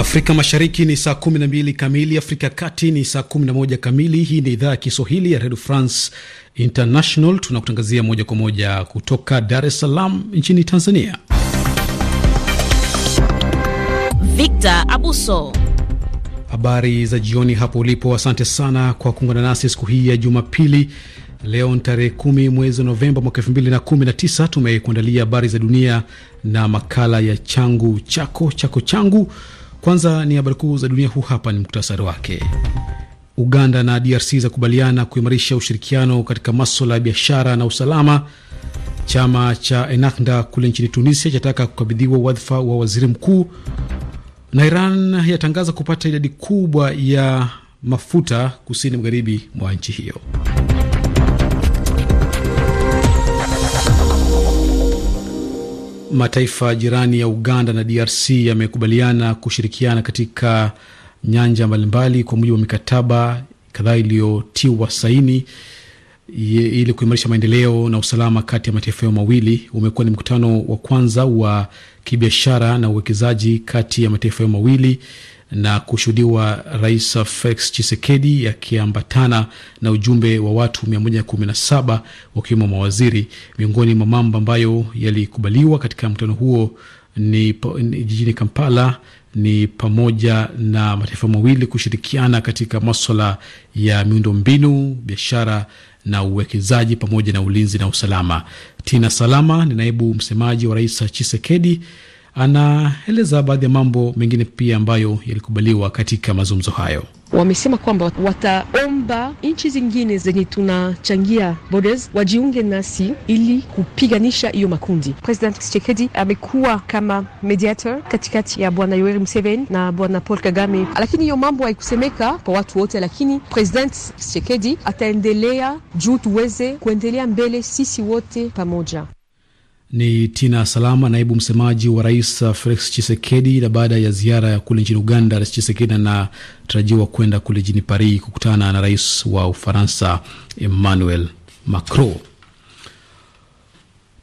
Afrika Mashariki ni saa 12 kamili, Afrika ya Kati ni saa 11 kamili. Hii ni idhaa ya Kiswahili ya Redio France International, tunakutangazia moja kwa moja kutoka Dar es Salaam nchini Tanzania. Victor Abuso, habari za jioni hapo ulipo. Asante sana kwa kuungana nasi siku hii ya Jumapili. Leo ni tarehe kumi mwezi Novemba mwaka elfu mbili na kumi na tisa. Tumekuandalia habari za dunia na makala ya changu chako chako changu kwanza ni habari kuu za dunia, huu hapa ni muktasari wake. Uganda na DRC zakubaliana kuimarisha ushirikiano katika maswala ya biashara na usalama. Chama cha Ennahda kule nchini Tunisia chataka kukabidhiwa wadhifa wa waziri mkuu. Na Iran yatangaza kupata idadi kubwa ya mafuta kusini magharibi mwa nchi hiyo. Mataifa jirani ya Uganda na DRC yamekubaliana kushirikiana katika nyanja mbalimbali kwa mujibu wa mikataba kadhaa iliyotiwa saini ili kuimarisha maendeleo na usalama kati ya mataifa hayo mawili. Umekuwa ni mkutano wa kwanza wa kibiashara na uwekezaji kati ya mataifa hayo mawili na kushuhudiwa Rais Felix Chisekedi akiambatana na ujumbe wa watu 117 wakiwemo mawaziri. Miongoni mwa mambo ambayo yalikubaliwa katika mkutano huo ni, ni jijini Kampala ni pamoja na mataifa mawili kushirikiana katika maswala ya miundo mbinu biashara na uwekezaji pamoja na ulinzi na usalama. Tina Salama ni naibu msemaji wa Rais chisekedi anaeleza baadhi ya mambo mengine pia ambayo yalikubaliwa katika mazungumzo hayo. Wamesema kwamba wataomba nchi zingine zenye tunachangia borders wajiunge nasi ili kupiganisha hiyo makundi. President Tshisekedi amekuwa kama mediator katikati ya bwana Yoweri Museveni na bwana Paul Kagame, lakini hiyo mambo haikusemeka kwa watu wote, lakini President Tshisekedi ataendelea juu tuweze kuendelea mbele sisi wote pamoja. Ni Tina Salama, naibu msemaji wa rais uh, Felix Chisekedi. Na baada ya ziara ya kule nchini Uganda, rais Chisekedi anatarajiwa kwenda kule jini Paris kukutana na rais wa Ufaransa Emmanuel Macron.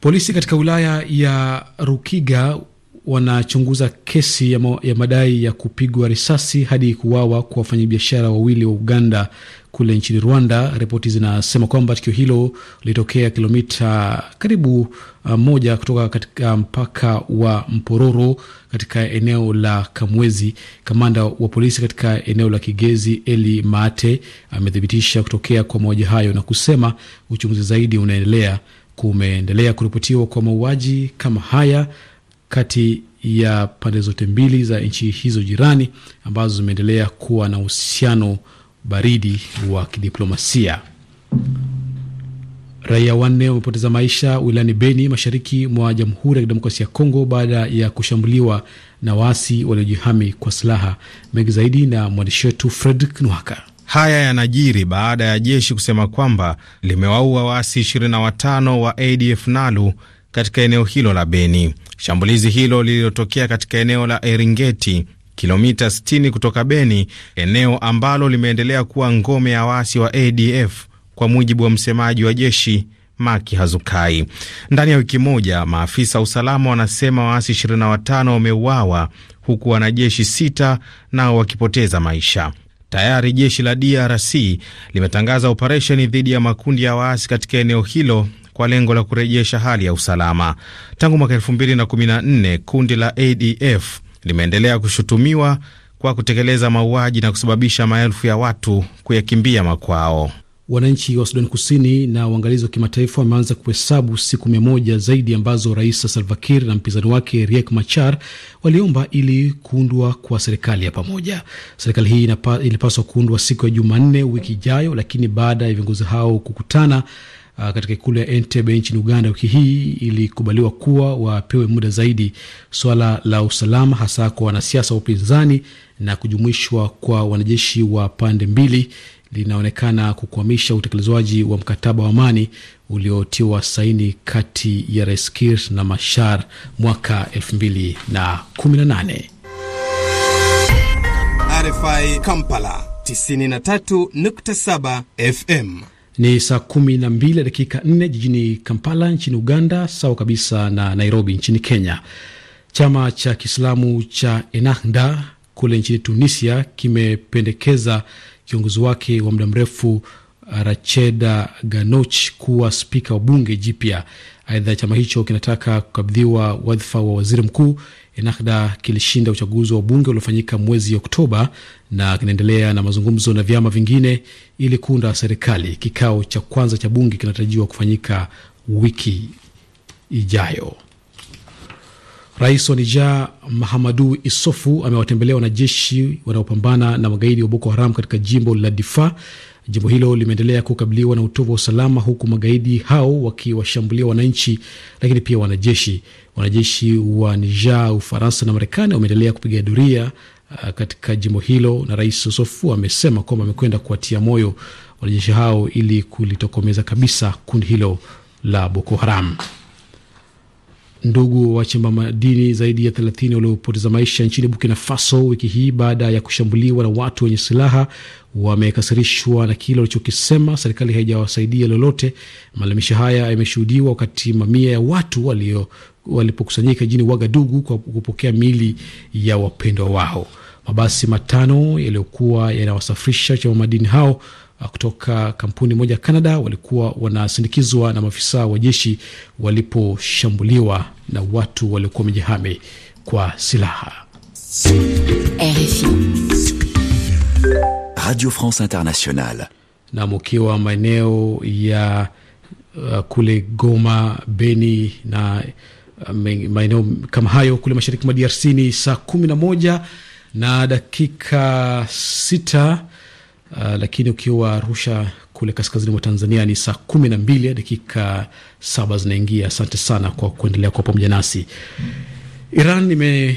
Polisi katika wilaya ya Rukiga wanachunguza kesi ya madai ya kupigwa risasi hadi kuuawa kwa wafanyabiashara wawili wa Uganda kule nchini Rwanda. Ripoti zinasema kwamba tukio hilo lilitokea kilomita karibu uh, moja kutoka katika mpaka wa Mpororo katika eneo la Kamwezi. Kamanda wa polisi katika eneo la Kigezi Eli Maate amethibitisha kutokea kwa mauaji hayo na kusema uchunguzi zaidi unaendelea. Kumeendelea kuripotiwa kwa mauaji kama haya kati ya pande zote mbili za nchi hizo jirani ambazo zimeendelea kuwa na uhusiano baridi wa kidiplomasia. Raia wanne wamepoteza maisha wilayani Beni, mashariki mwa Jamhuri ya Kidemokrasia ya Kongo baada ya kushambuliwa na waasi waliojihami kwa silaha. Mengi zaidi na mwandishi wetu Fredrik Nwaka. Haya yanajiri baada ya jeshi kusema kwamba limewaua waasi 25 wa ADF NALU katika eneo hilo la Beni. Shambulizi hilo lililotokea katika eneo la Eringeti kilomita 60 kutoka Beni, eneo ambalo limeendelea kuwa ngome ya waasi wa ADF kwa mujibu wa msemaji wa jeshi Maki Hazukai. Ndani ya wiki moja, maafisa wa usalama wanasema waasi 25 wameuawa huku wanajeshi sita nao wakipoteza maisha. Tayari jeshi la DRC limetangaza operesheni dhidi ya makundi ya waasi katika eneo hilo kwa lengo la kurejesha hali ya usalama. Tangu mwaka 2014 kundi la ADF limeendelea kushutumiwa kwa kutekeleza mauaji na kusababisha maelfu ya watu kuyakimbia makwao. Wananchi wa sudani Kusini na uangalizi wa kimataifa wameanza kuhesabu siku mia moja zaidi ambazo Rais Salva Kiir na mpinzani wake Riek Machar waliomba ili kuundwa kwa serikali ya pamoja. Serikali hii ilipaswa kuundwa siku ya Jumanne wiki ijayo, lakini baada ya viongozi hao kukutana Uh, katika ikulu ya Entebbe nchini Uganda wiki hii ilikubaliwa kuwa wapewe muda zaidi swala la usalama, hasa kwa wanasiasa wa upinzani na kujumuishwa kwa wanajeshi wa pande mbili linaonekana kukwamisha utekelezwaji wa mkataba wa amani uliotiwa saini kati ya Rais na mashar mwaka 2018. RFI Kampala 93.7 FM. Ni saa kumi na mbili dakika nne jijini Kampala nchini Uganda, sawa kabisa na Nairobi nchini Kenya. Chama cha Kiislamu cha Ennahda kule nchini Tunisia kimependekeza kiongozi wake wa muda mrefu uh, Racheda Ganoch kuwa spika wa bunge jipya. Aidha, chama hicho kinataka kukabidhiwa wadhifa wa waziri mkuu. Ennahda kilishinda uchaguzi wa bunge uliofanyika mwezi Oktoba na kinaendelea na mazungumzo na vyama vingine ili kuunda serikali. Kikao cha kwanza cha bunge kinatarajiwa kufanyika wiki ijayo. Rais wa Nija Mahamadu Isofu amewatembelea wanajeshi wanaopambana na magaidi wa Boko Haram katika jimbo la Difa. Jimbo hilo limeendelea kukabiliwa na utovu wa usalama, huku magaidi hao wakiwashambulia wananchi, lakini pia wanajeshi. Wanajeshi wa Nija, Ufaransa na Marekani wameendelea kupiga doria Ah, katika jimbo hilo, na Rais Sosofu amesema kwamba amekwenda kuwatia moyo wanajeshi hao ili kulitokomeza kabisa kundi hilo la Boko Haram. Ndugu wachimba madini zaidi ya 30 waliopoteza maisha nchini Burkina Faso wiki hii baada ya kushambuliwa na watu wenye silaha wamekasirishwa na kile walichokisema serikali haijawasaidia lolote. Malalamisho haya yameshuhudiwa wakati mamia ya watu walio walipokusanyika jijini Wagadugu kwa kupokea miili ya wapendwa wao. Mabasi matano yaliyokuwa yanawasafirisha chama madini hao ah, kutoka kampuni moja ya Canada walikuwa wanasindikizwa na maafisa wa jeshi waliposhambuliwa na watu waliokuwa wamejihami kwa silaha. RFI Radio France Internationale. Nam, ukiwa maeneo ya uh, kule Goma, Beni na Uh, maeneo kama hayo kule mashariki mwa DRC ni saa kumi na moja na dakika sita uh, lakini ukiwa Arusha kule kaskazini mwa Tanzania ni saa kumi na mbili dakika saba zinaingia. Asante sana kwa kuendelea kwa pamoja nasi. Iran imesema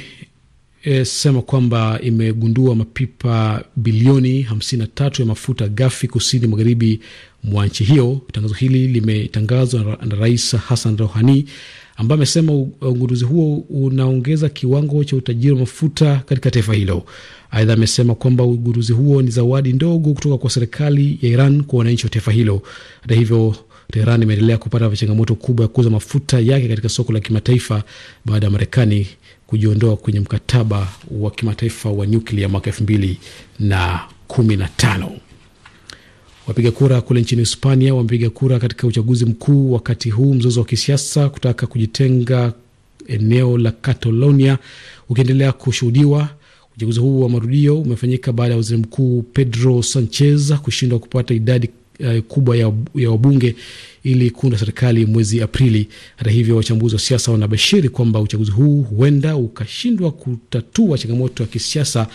eh, e, kwamba imegundua mapipa bilioni 53 ya mafuta gafi kusini magharibi mwa nchi hiyo. Tangazo hili limetangazwa na Rais Hassan Rouhani ambaye amesema ugunduzi huo unaongeza kiwango cha utajiri wa mafuta katika taifa hilo. Aidha, amesema kwamba ugunduzi huo ni zawadi ndogo kutoka kwa serikali ya Iran kwa wananchi wa taifa hilo. Hata hivyo, Teheran imeendelea kupata changamoto kubwa ya kuuza mafuta yake katika soko la kimataifa baada ya Marekani kujiondoa kwenye mkataba wa kimataifa wa nyuklia mwaka elfu mbili na kumi na tano. Wapiga kura kule nchini Hispania wamepiga kura katika uchaguzi mkuu wakati huu mzozo wa kisiasa kutaka kujitenga eneo la Catalonia ukiendelea kushuhudiwa. Uchaguzi huu wa marudio umefanyika baada ya waziri mkuu Pedro Sanchez kushindwa kupata idadi uh, kubwa ya, ya wabunge ili kuunda serikali mwezi Aprili. Hata hivyo, wachambuzi wa siasa wanabashiri kwamba uchaguzi huu huenda ukashindwa kutatua changamoto ya kisiasa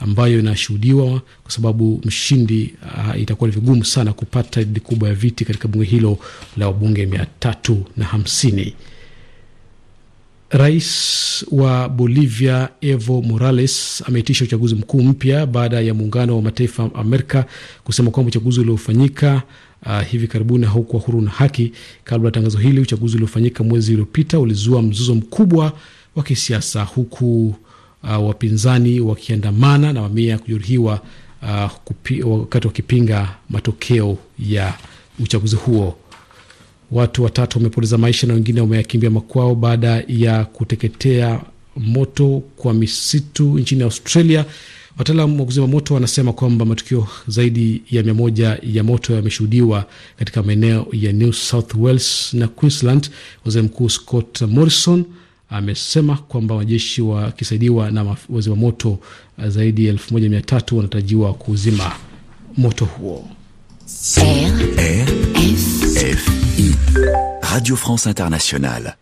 ambayo inashuhudiwa, kwa sababu mshindi uh, itakuwa ni vigumu sana kupata idadi kubwa ya viti katika bunge hilo la wabunge mia tatu na hamsini. Rais wa Bolivia Evo Morales ameitisha uchaguzi mkuu mpya baada ya muungano wa mataifa Amerika kusema kwamba uchaguzi uliofanyika uh, hivi karibuni haukuwa huru na haki. Kabla ya tangazo hili, uchaguzi uliofanyika mwezi uliopita ulizua mzozo mkubwa wa kisiasa huku uh, wapinzani wakiandamana na mamia kujeruhiwa uh, wakati wakipinga matokeo ya uchaguzi huo. Watu watatu wamepoteza maisha na wengine wameyakimbia makwao baada ya kuteketea moto kwa misitu nchini Australia. Wataalam wa kuzima moto wanasema kwamba matukio zaidi ya mia moja ya moto yameshuhudiwa katika maeneo ya New South Wales na Queensland. Waziri Mkuu Scott Morrison amesema kwamba wanajeshi wakisaidiwa na wazima moto uh, zaidi ya elfu moja mia tatu wanatarajiwa kuzima moto huo. RFI, Radio France Internationale.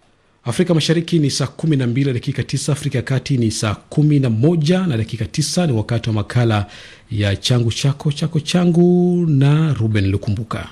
Afrika Mashariki ni saa 12 na dakika 9, Afrika ya Kati ni saa 11 na dakika 9. Ni wakati wa makala ya changu chako chako changu na Ruben Lukumbuka.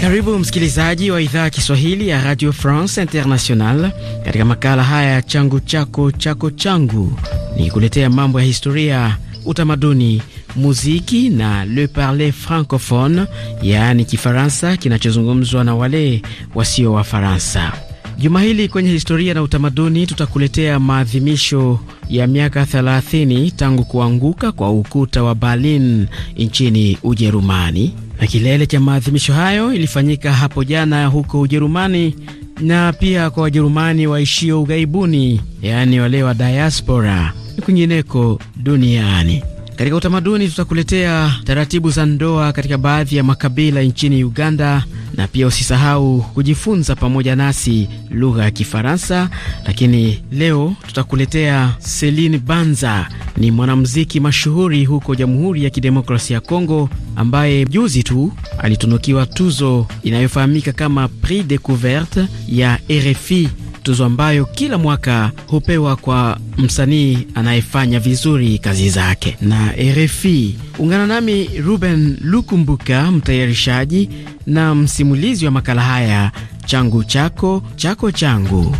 Karibu msikilizaji wa idhaa ya Kiswahili ya Radio France International katika makala haya ya changu chako chako changu, nikikuletea mambo ya historia, utamaduni, muziki na le parler francophone, yaani Kifaransa kinachozungumzwa na wale wasio wa Faransa. Juma hili kwenye historia na utamaduni tutakuletea maadhimisho ya miaka 30 tangu kuanguka kwa ukuta wa Berlin nchini Ujerumani, na kilele cha maadhimisho hayo ilifanyika hapo jana huko Ujerumani na pia kwa Wajerumani waishio ughaibuni, yaani wale wa diaspora ni kwingineko duniani. Katika utamaduni, tutakuletea taratibu za ndoa katika baadhi ya makabila nchini Uganda, na pia usisahau kujifunza pamoja nasi lugha ya Kifaransa. Lakini leo tutakuletea Celine Banza, ni mwanamuziki mashuhuri huko Jamhuri ya Kidemokrasia ya Kongo, ambaye juzi tu alitunukiwa tuzo inayofahamika kama Prix Decouverte ya RFI tuzo ambayo kila mwaka hupewa kwa msanii anayefanya vizuri kazi zake. Na RFI ungana nami Ruben Lukumbuka, mtayarishaji na msimulizi wa makala haya changu chako chako changu.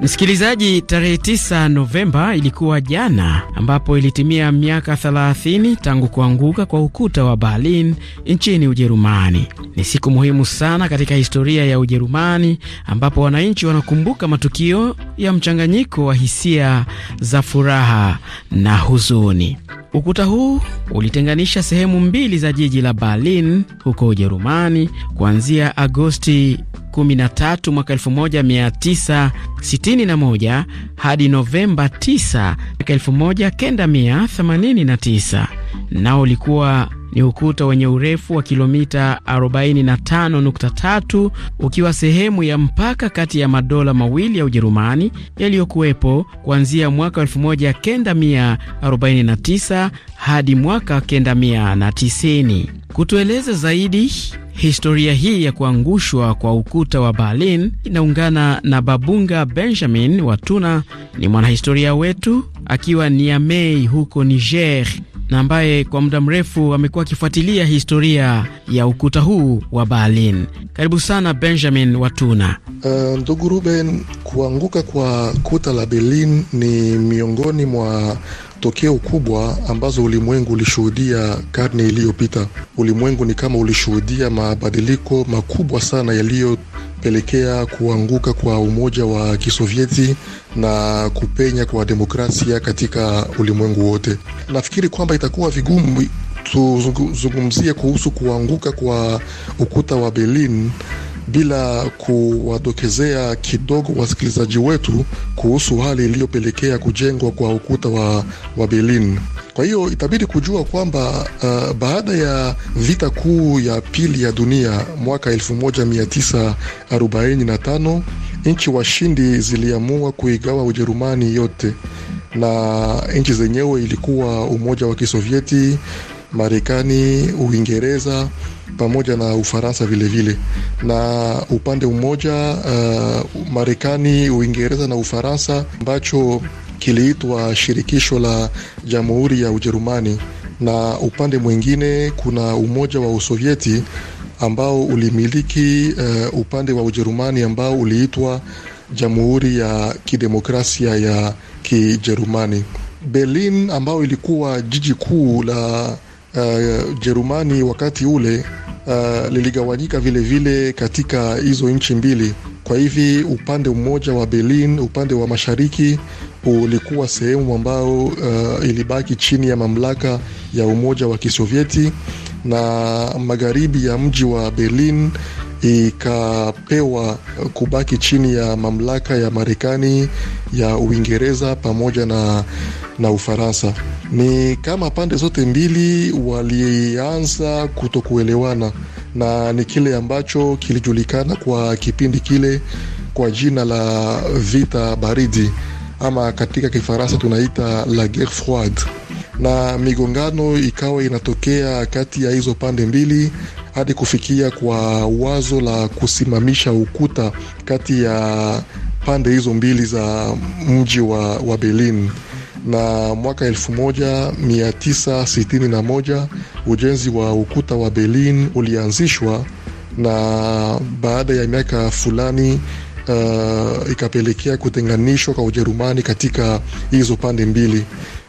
Msikilizaji, tarehe 9 Novemba ilikuwa jana, ambapo ilitimia miaka 30 tangu kuanguka kwa ukuta wa Berlin nchini Ujerumani. Ni siku muhimu sana katika historia ya Ujerumani, ambapo wananchi wanakumbuka matukio ya mchanganyiko wa hisia za furaha na huzuni. Ukuta huu ulitenganisha sehemu mbili za jiji la Berlin huko Ujerumani kuanzia Agosti 13 mwaka 1961 hadi Novemba 9 mwaka 1989, nao ulikuwa ni ukuta wenye urefu wa kilomita 45.3 ukiwa sehemu ya mpaka kati ya madola mawili ya Ujerumani yaliyokuwepo kuanzia mwaka 1949 hadi mwaka 1990. Kutueleza zaidi historia hii ya kuangushwa kwa ukuta wa Berlin inaungana na Babunga Benjamin Watuna, ni mwanahistoria wetu akiwa Niamey huko Niger na ambaye kwa muda mrefu amekuwa akifuatilia historia ya ukuta huu wa Berlin. Karibu sana Benjamin Watuna. Uh, ndugu Ruben, kuanguka kwa kuta la Berlin ni miongoni mwa tokeo kubwa ambazo ulimwengu ulishuhudia karne iliyopita. Ulimwengu ni kama ulishuhudia mabadiliko makubwa sana yaliyo kupelekea kuanguka kwa Umoja wa Kisovieti na kupenya kwa demokrasia katika ulimwengu wote. Nafikiri kwamba itakuwa vigumu tuzungumzie kuhusu kuanguka kwa ukuta wa Berlin bila kuwadokezea kidogo wasikilizaji wetu kuhusu hali iliyopelekea kujengwa kwa ukuta wa, wa Berlin. Kwa hiyo itabidi kujua kwamba uh, baada ya vita kuu ya pili ya dunia mwaka 1945 nchi washindi ziliamua kuigawa Ujerumani yote na nchi zenyewe ilikuwa Umoja wa Kisovieti Marekani, Uingereza pamoja na Ufaransa vilevile vile. Na upande mmoja uh, Marekani, Uingereza na Ufaransa ambacho kiliitwa shirikisho la Jamhuri ya Ujerumani, na upande mwingine kuna Umoja wa Usovieti ambao ulimiliki uh, upande wa Ujerumani ambao uliitwa Jamhuri ya Kidemokrasia ya Kijerumani. Berlin ambayo ilikuwa jiji kuu la Ujerumani uh, wakati ule uh, liligawanyika vilevile katika hizo nchi mbili. Kwa hivi upande mmoja wa Berlin, upande wa mashariki ulikuwa sehemu ambayo uh, ilibaki chini ya mamlaka ya Umoja wa Kisovyeti na magharibi ya mji wa Berlin ikapewa kubaki chini ya mamlaka ya Marekani, ya Uingereza pamoja na, na Ufaransa. Ni kama pande zote mbili walianza kutokuelewana, na ni kile ambacho kilijulikana kwa kipindi kile kwa jina la vita baridi ama katika Kifaransa tunaita la guerre froide, na migongano ikawa inatokea kati ya hizo pande mbili hadi kufikia kwa wazo la kusimamisha ukuta kati ya pande hizo mbili za mji wa, wa Berlin na mwaka 1961 ujenzi wa ukuta wa Berlin ulianzishwa, na baada ya miaka fulani uh, ikapelekea kutenganishwa kwa Ujerumani katika hizo pande mbili,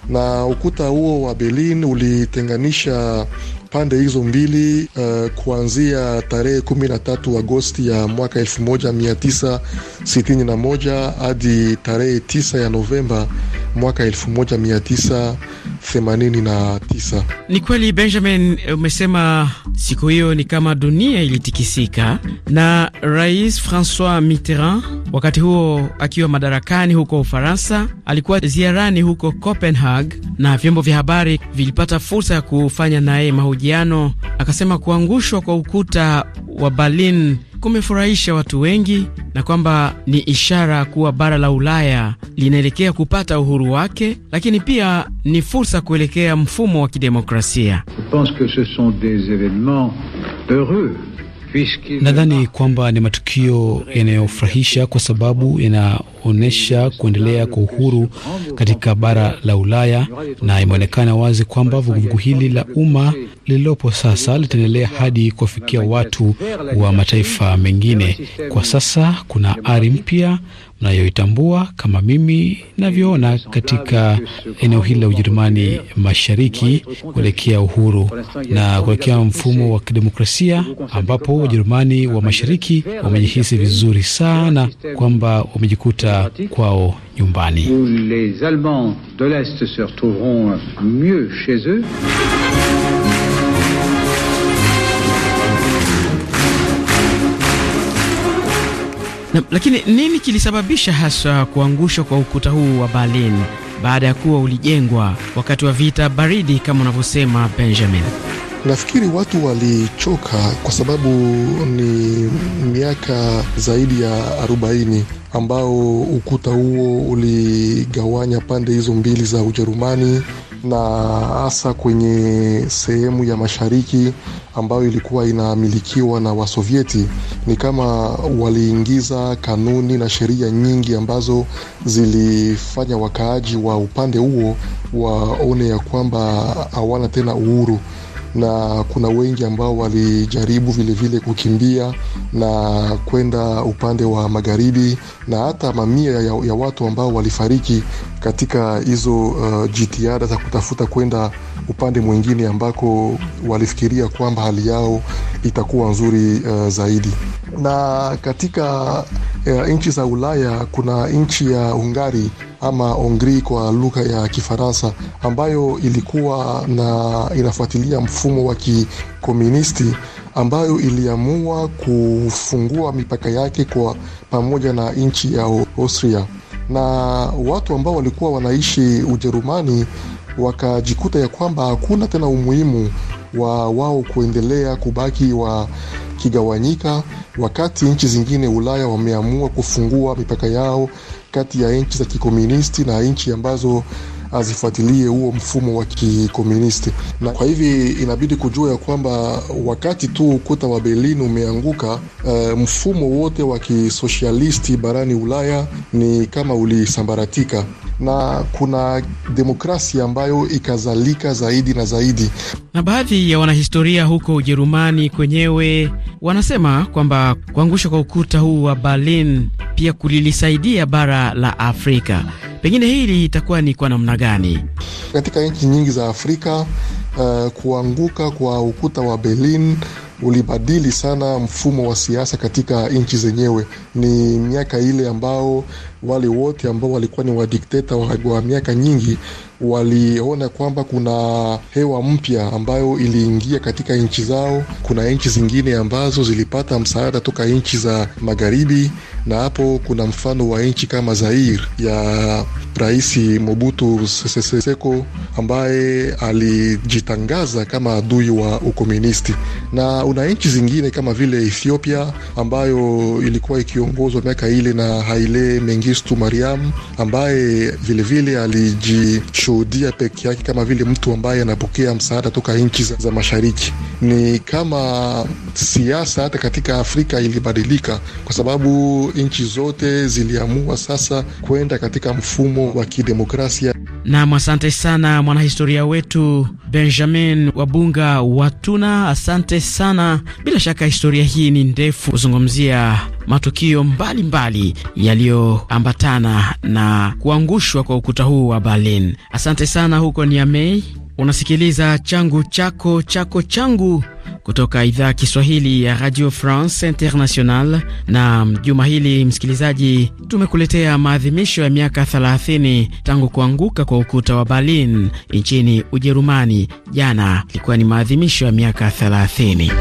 na ukuta huo wa Berlin ulitenganisha pande hizo mbili uh, kuanzia tarehe 13 Agosti ya mwaka 1961 hadi tarehe 9 ya Novemba mwaka 89. Ni kweli Benjamin, umesema siku hiyo ni kama dunia ilitikisika, na Rais Francois Mitterrand wakati huo akiwa madarakani huko Ufaransa, alikuwa ziarani huko copenhague na vyombo vya habari vilipata fursa ya kufanya naye mahojiano. Akasema kuangushwa kwa ukuta wa Berlin kumefurahisha watu wengi na kwamba ni ishara kuwa bara la Ulaya linaelekea kupata uhuru wake, lakini pia ni fursa kuelekea mfumo wa kidemokrasia. Nadhani kwamba ni matukio yanayofurahisha kwa sababu yanaonyesha kuendelea kwa uhuru katika bara la Ulaya, na imeonekana wazi kwamba vuguvugu hili la umma lililopo sasa litaendelea hadi kuwafikia watu wa mataifa mengine. Kwa sasa kuna ari mpya nayoitambua kama mimi navyoona katika eneo hili la Ujerumani Mashariki kuelekea uhuru na kuelekea mfumo wa kidemokrasia, ambapo Wajerumani wa Mashariki wamejihisi vizuri sana kwamba wamejikuta kwao nyumbani. Na, lakini nini kilisababisha haswa kuangushwa kwa ukuta huu wa Berlin baada ya kuwa ulijengwa wakati wa vita baridi kama unavyosema Benjamin? Nafikiri watu walichoka kwa sababu ni miaka zaidi ya arobaini ambao ukuta huo uligawanya pande hizo mbili za Ujerumani na hasa kwenye sehemu ya mashariki ambayo ilikuwa inamilikiwa na Wasovieti. Ni kama waliingiza kanuni na sheria nyingi ambazo zilifanya wakaaji wa upande huo waone ya kwamba hawana tena uhuru na kuna wengi ambao walijaribu vilevile kukimbia na kwenda upande wa magharibi na hata mamia ya, ya watu ambao walifariki katika hizo uh, jitihada za kutafuta kwenda upande mwingine ambako walifikiria kwamba hali yao itakuwa nzuri uh, zaidi. Na katika uh, nchi za Ulaya kuna nchi ya Hungari ama Hongri kwa lugha ya Kifaransa ambayo ilikuwa na inafuatilia mfumo wa kikomunisti ambayo iliamua kufungua mipaka yake kwa pamoja na nchi ya Austria na watu ambao walikuwa wanaishi Ujerumani wakajikuta ya kwamba hakuna tena umuhimu wa wao kuendelea kubaki wakigawanyika, wakati nchi zingine Ulaya wameamua kufungua mipaka yao kati ya nchi za kikomunisti na nchi ambazo azifuatilie huo mfumo wa kikomunisti. Na kwa hivi inabidi kujua ya kwamba wakati tu ukuta wa Berlin umeanguka, uh, mfumo wote wa kisosialisti barani Ulaya ni kama ulisambaratika na kuna demokrasi ambayo ikazalika zaidi na zaidi. Na baadhi ya wanahistoria huko Ujerumani kwenyewe wanasema kwamba kuangushwa kwa ukuta huu wa Berlin pia kulilisaidia bara la Afrika. Pengine hili itakuwa ni kwa namna gani? Katika nchi nyingi za Afrika uh, kuanguka kwa ukuta wa Berlin ulibadili sana mfumo wa siasa katika nchi zenyewe. Ni miaka ile ambao wale wote ambao walikuwa ni wadikteta wa, wa miaka nyingi waliona kwamba kuna hewa mpya ambayo iliingia katika nchi zao. Kuna nchi zingine ambazo zilipata msaada toka nchi za magharibi, na hapo kuna mfano wa nchi kama zair ya Rais Mobutu Sese Seko ambaye alijitangaza kama adui wa ukomunisti, na una nchi zingine kama vile Ethiopia ambayo ilikuwa ikiongozwa miaka ile na Haile Mengi Kristu Mariamu ambaye vilevile alijishuhudia peke yake kama vile mtu ambaye anapokea msaada toka nchi za, za mashariki. Ni kama siasa hata katika Afrika ilibadilika, kwa sababu nchi zote ziliamua sasa kwenda katika mfumo wa kidemokrasia. Nam, asante sana mwanahistoria wetu Benjamin Wabunga Watuna, asante sana. Bila shaka historia hii ni ndefu, kuzungumzia matukio mbalimbali yaliyoambatana na kuangushwa kwa ukuta huu wa Berlin. Asante sana huko Amei, Unasikiliza changu chako chako changu kutoka idhaa Kiswahili ya Radio France International. Na juma hili, msikilizaji, tumekuletea maadhimisho ya miaka 30 tangu kuanguka kwa ukuta wa Berlin nchini Ujerumani. Jana ilikuwa ni maadhimisho ya miaka 30.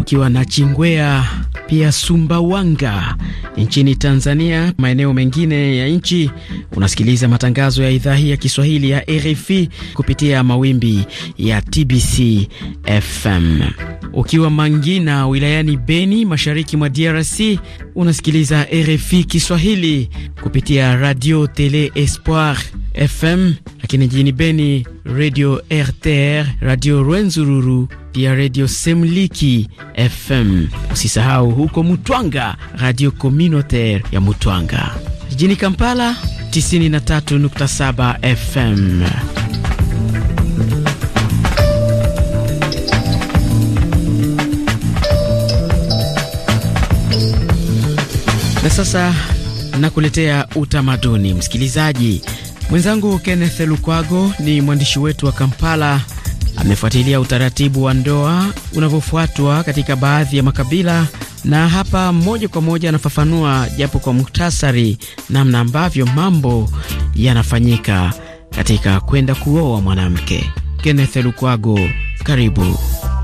Ukiwa na chingwea pia Sumbawanga nchini Tanzania, maeneo mengine ya nchi. Unasikiliza matangazo ya idhaa hii ya Kiswahili ya RFI kupitia mawimbi ya TBC FM. Ukiwa Mangina wilayani Beni, mashariki mwa DRC, unasikiliza RFI Kiswahili kupitia Radio Tele Espoir FM, lakini jijini Beni Radio RTR, Radio Rwenzururu, pia Radio Semliki FM. Usisahau huko Mutwanga, Radio Communautaire ya Mutwanga. Jijini Kampala 93.7 FM. Na sasa nakuletea utamaduni msikilizaji. Mwenzangu Kenneth Lukwago ni mwandishi wetu wa Kampala, amefuatilia utaratibu wa ndoa unavyofuatwa katika baadhi ya makabila, na hapa moja kwa moja anafafanua japo kwa muhtasari, namna ambavyo mambo yanafanyika katika kwenda kuoa mwanamke. Kenneth Lukwago, karibu.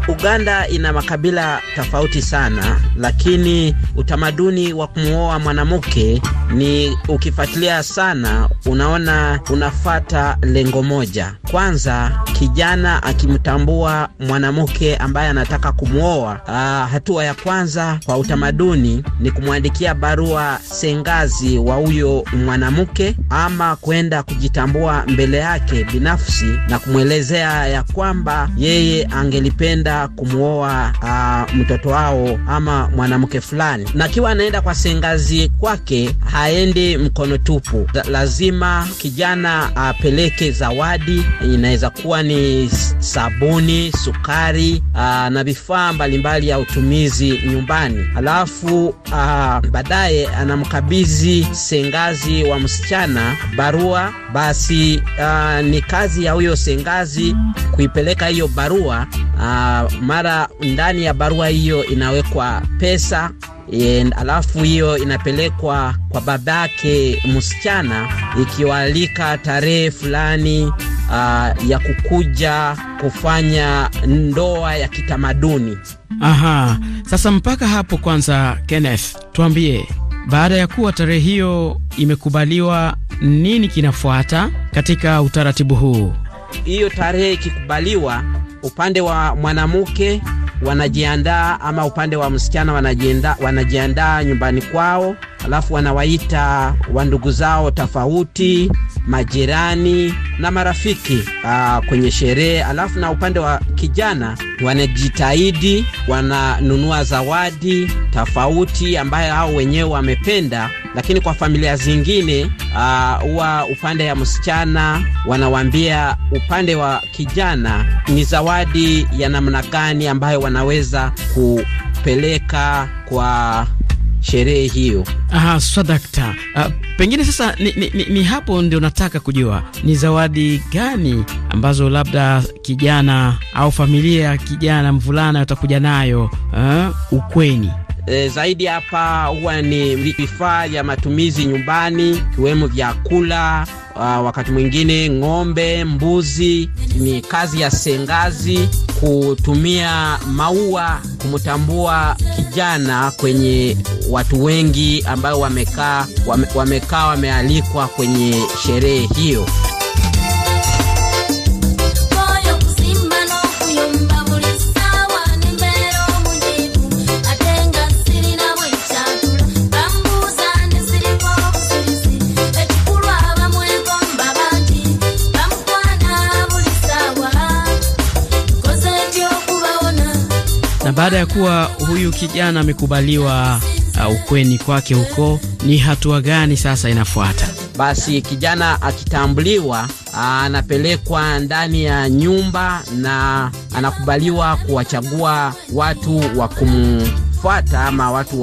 Uganda ina makabila tofauti sana, lakini utamaduni wa kumwoa mwanamke ni ukifuatilia sana, unaona unafata lengo moja. Kwanza, kijana akimtambua mwanamke ambaye anataka kumwoa, ah, hatua ya kwanza kwa utamaduni ni kumwandikia barua sengazi wa huyo mwanamke, ama kwenda kujitambua mbele yake binafsi na kumwelezea ya kwamba yeye angelipenda kumuoa kumwoa uh, mtoto wao ama mwanamke fulani, na akiwa anaenda kwa sengazi kwake haendi mkono tupu, lazima kijana apeleke uh, zawadi. Inaweza kuwa ni sabuni, sukari uh, na vifaa mbalimbali ya utumizi nyumbani, alafu uh, baadaye anamkabidhi sengazi wa msichana barua. Basi uh, ni kazi ya huyo sengazi kuipeleka hiyo barua uh, mara ndani ya barua hiyo inawekwa pesa And, alafu hiyo inapelekwa kwa babake msichana ikiwaalika tarehe fulani uh, ya kukuja kufanya ndoa ya kitamaduni. Aha, sasa mpaka hapo kwanza, Kenneth, tuambie baada ya kuwa tarehe hiyo imekubaliwa, nini kinafuata katika utaratibu huu? Hiyo tarehe ikikubaliwa upande wa mwanamke wanajiandaa ama upande wa msichana wanajiandaa, wanajiandaa nyumbani kwao, alafu wanawaita wandugu zao tofauti, majirani na marafiki aa, ah, kwenye sherehe. Alafu na upande wa kijana wanajitahidi, wananunua zawadi tofauti ambayo hao wenyewe wamependa lakini kwa familia zingine ah, huwa uh, upande ya msichana wanawambia upande wa kijana ni zawadi ya namna gani ambayo wanaweza kupeleka kwa sherehe hiyo. Aha, so dakta, uh, pengine sasa ni, ni, ni, ni hapo ndio nataka kujua ni zawadi gani ambazo labda kijana au familia ya kijana mvulana watakuja nayo uh, ukweni E, zaidi hapa huwa ni vifaa vya matumizi nyumbani ikiwemo vyakula, wakati mwingine ng'ombe, mbuzi. Ni kazi ya sengazi kutumia maua kumtambua kijana kwenye watu wengi ambao wamekaa wamekaa wamealikwa kwenye sherehe hiyo. Baada ya kuwa huyu kijana amekubaliwa uh, ukweni kwake huko, ni hatua gani sasa inafuata? Basi kijana akitambuliwa uh, anapelekwa ndani ya nyumba na anakubaliwa kuwachagua watu wa kumfuata ama watu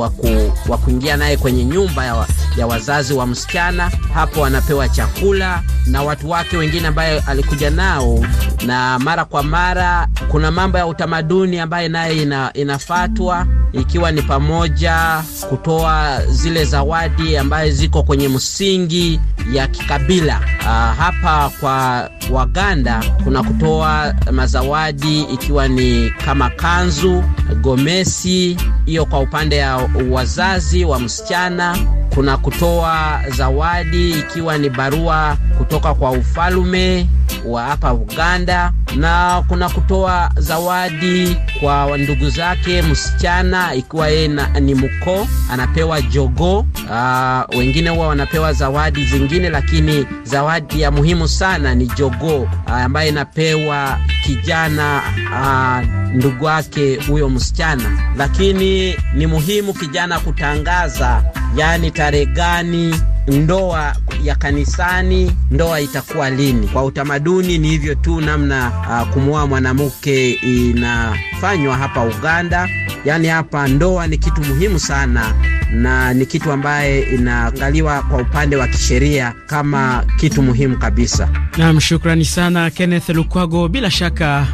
wa kuingia naye kwenye nyumba ya wa ya wazazi wa msichana. Hapo anapewa chakula na watu wake wengine ambaye alikuja nao, na mara kwa mara kuna mambo ya utamaduni ambaye naye ina, inafatwa ikiwa ni pamoja kutoa zile zawadi ambazo ziko kwenye msingi ya kikabila. Uh, hapa kwa Waganda kuna kutoa mazawadi ikiwa ni kama kanzu, gomesi, hiyo kwa upande ya wazazi wa msichana. Kuna kutoa zawadi ikiwa ni barua kutoka kwa ufalume wa hapa Uganda, na kuna kutoa zawadi kwa ndugu zake msichana, ikiwa yeye ni mkoo anapewa jogo Uh, ah, wengine huwa wanapewa zawadi zingine, lakini zawadi ya muhimu sana ni jogo ah, ambaye inapewa kijana uh, ndugu wake huyo msichana. Lakini ni muhimu kijana kutangaza, yani tarehe gani ndoa ya kanisani, ndoa itakuwa lini? Kwa utamaduni ni hivyo tu, namna uh, kumwoa mwanamke inafanywa hapa Uganda. Yaani hapa ndoa ni kitu muhimu sana na ni kitu ambaye inaangaliwa kwa upande wa kisheria kama kitu muhimu kabisa. Naam, shukrani sana Kenneth Lukwago, bila shaka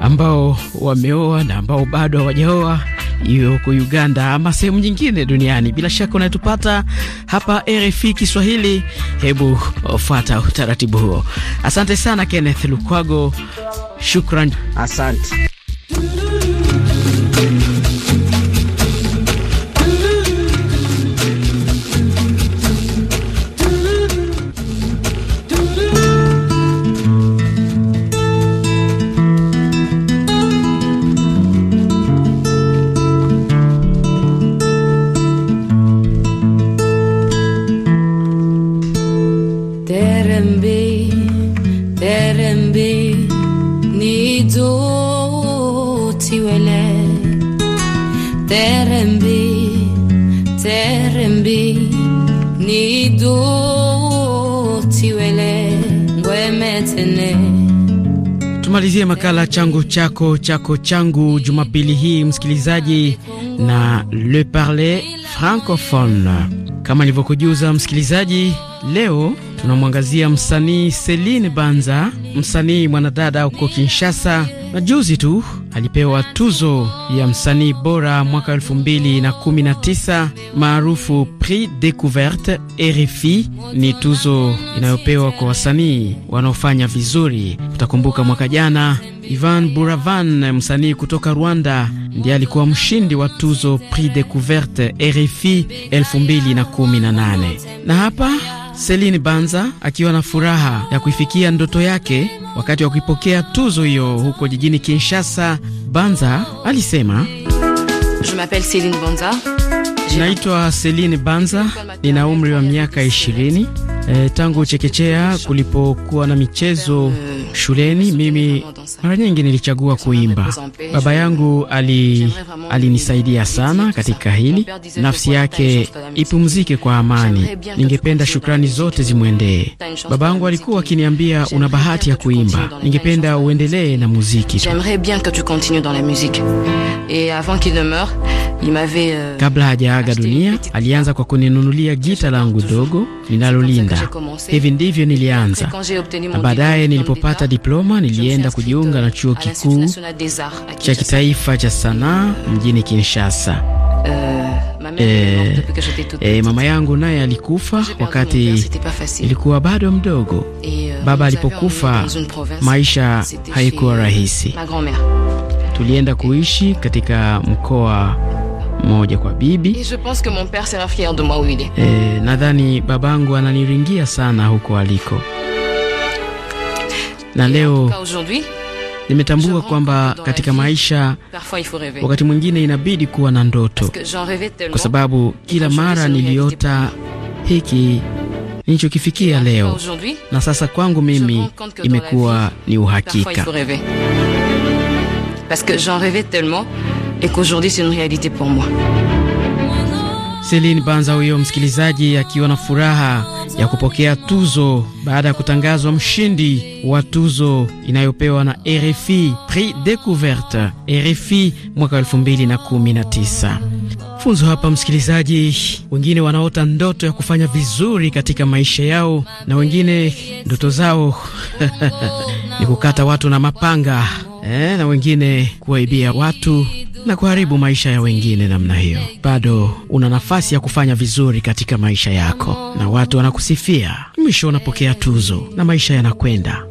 ambao wameoa na ambao bado hawajaoa hiyo huko Uganda ama sehemu nyingine duniani. Bila shaka unatupata hapa RFI Kiswahili. Hebu fuata utaratibu huo. Asante sana Kenneth Lukwago, shukran. Asante. Tuanzie makala changu chako chako changu jumapili hii msikilizaji, na le parler francophone. Kama nilivyokujuza msikilizaji, leo tunamwangazia msanii Celine Banza, msanii mwanadada huko Kinshasa, na juzi tu alipewa tuzo ya msanii bora mwaka 2019 maarufu Prix Decouverte RFI. Ni tuzo inayopewa kwa wasanii wanaofanya vizuri. Utakumbuka mwaka jana Ivan Buravan, msanii kutoka Rwanda, ndiye alikuwa mshindi wa tuzo Prix Decouverte RFI 2018. Na hapa Celine Banza akiwa na furaha ya kuifikia ndoto yake Wakati wa kuipokea tuzo hiyo huko jijini Kinshasa, Banza alisema naitwa Celine Banza, nina umri wa miaka ishirini E, tangu chekechea kulipokuwa na michezo shuleni, mimi mara nyingi nilichagua kuimba. Baba yangu ali alinisaidia sana katika hili, nafsi yake ipumzike kwa amani. Ningependa shukrani zote zimwendee baba yangu. Alikuwa akiniambia una bahati ya kuimba, ningependa uendelee na muziki. Euh, Kabla hajaaga dunia, alianza kwa kuninunulia gita langu dogo ninalolinda Hivi ndivyo nilianza, na baadaye nilipopata diploma nilienda kujiunga na chuo kikuu cha kitaifa cha sanaa mjini Kinshasa. Euh, eh, eh, mama yangu naye alikufa wakati ilikuwa bado mdogo. Euh, Baba alipokufa maisha haikuwa euh, rahisi. Tulienda kuishi katika mkoa moja kwa bibi. E, nadhani babangu ananiringia sana huko aliko, na leo nimetambua kwamba katika maisha wakati mwingine inabidi kuwa na ndoto, kwa sababu kila mara niliota hiki nilichokifikia leo, na sasa kwangu mimi imekuwa ni uhakika et qu'aujourd'hui c'est une réalité pour moi. Celine Banza huyo msikilizaji akiwa na furaha ya kupokea tuzo baada ya kutangazwa mshindi wa tuzo inayopewa na RFI Prix Découverte RFI mwaka 2019. Funzo hapa msikilizaji, wengine wanaota ndoto ya kufanya vizuri katika maisha yao na wengine ndoto zao ni kukata watu na mapanga eh, na wengine kuwaibia watu na kuharibu maisha ya wengine namna hiyo, bado una nafasi ya kufanya vizuri katika maisha yako, na watu wanakusifia, mwisho unapokea tuzo na maisha yanakwenda.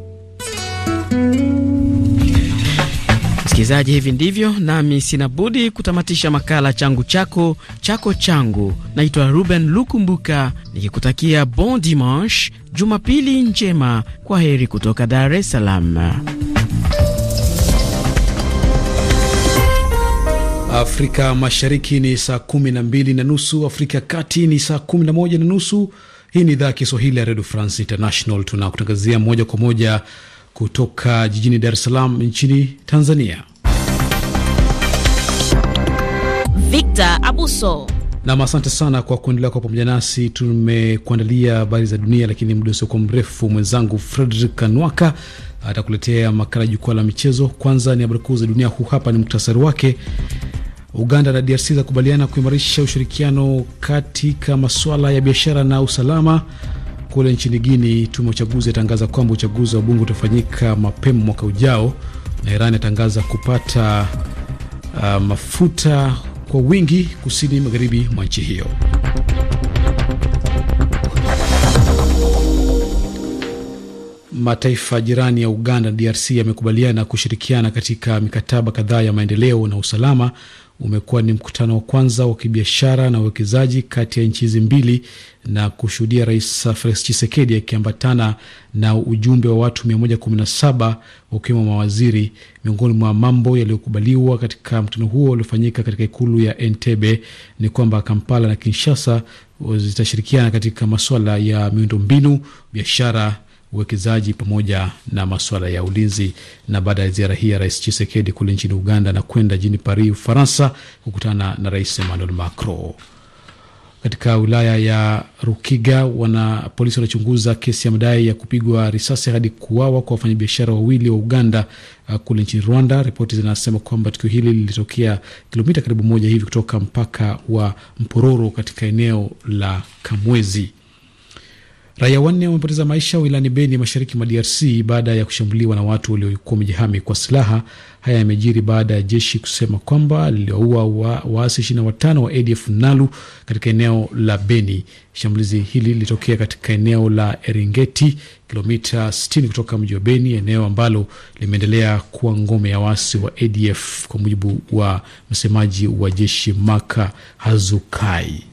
Msikilizaji, hivi ndivyo nami sina budi kutamatisha makala changu chako chako changu. Naitwa Ruben Lukumbuka nikikutakia bon dimanche, Jumapili njema. Kwa heri kutoka Dar es Salaam. Afrika Mashariki ni saa kumi na mbili na nusu, Afrika ya Kati ni saa kumi na moja na nusu. Hii ni idhaa ya Kiswahili ya Redio France International, tunakutangazia moja kwa moja kutoka jijini Dar es Salaam nchini Tanzania. Victor Abuso nam, asante sana kwa kuendelea kwa pamoja nasi. Tumekuandalia habari za dunia, lakini muda usiokuwa mrefu mwenzangu Fredrick Kanwaka atakuletea makala ya jukwaa la michezo. Kwanza ni habari kuu za dunia, huu hapa ni muktasari wake. Uganda na DRC zakubaliana kuimarisha ushirikiano katika masuala ya biashara na usalama. Kule nchini Guini, tume uchaguzi yatangaza kwamba uchaguzi wa bunge utafanyika mapema mwaka ujao, na Iran yatangaza kupata uh, mafuta kwa wingi kusini magharibi mwa nchi hiyo. Mataifa jirani ya Uganda na DRC yamekubaliana kushirikiana katika mikataba kadhaa ya maendeleo na usalama umekuwa ni mkutano wa kwanza wa kibiashara na uwekezaji kati ya nchi hizi mbili na kushuhudia Rais Felix Chisekedi akiambatana na ujumbe wa watu 117 wakiwemo mawaziri. Miongoni mwa mambo yaliyokubaliwa katika mkutano huo uliofanyika katika ikulu ya Entebbe ni kwamba Kampala na Kinshasa zitashirikiana katika masuala ya miundombinu, biashara uwekezaji pamoja na masuala ya ulinzi. Na baada ya ziara hii ya Rais Chisekedi kule nchini Uganda na kwenda jini Paris, Ufaransa, kukutana na Rais Emmanuel Macron. Katika wilaya ya Rukiga wana polisi wanachunguza kesi ya madai ya kupigwa risasi hadi kuuawa kwa wafanyabiashara wawili wa Uganda uh, kule nchini Rwanda. Ripoti zinasema kwamba tukio hili lilitokea kilomita karibu moja hivi kutoka mpaka wa Mpororo katika eneo la Kamwezi. Raia wanne wamepoteza maisha wilani Beni, mashariki mwa DRC baada ya kushambuliwa na watu waliokuwa wamejihami kwa silaha. Haya yamejiri baada ya jeshi kusema kwamba liliwaua waasi 25 wa ADF NALU katika eneo la Beni. Shambulizi hili lilitokea katika eneo la Eringeti, kilomita 60 kutoka mji wa Beni, eneo ambalo limeendelea kuwa ngome ya waasi wa ADF, kwa mujibu wa msemaji wa jeshi Maka Hazukai.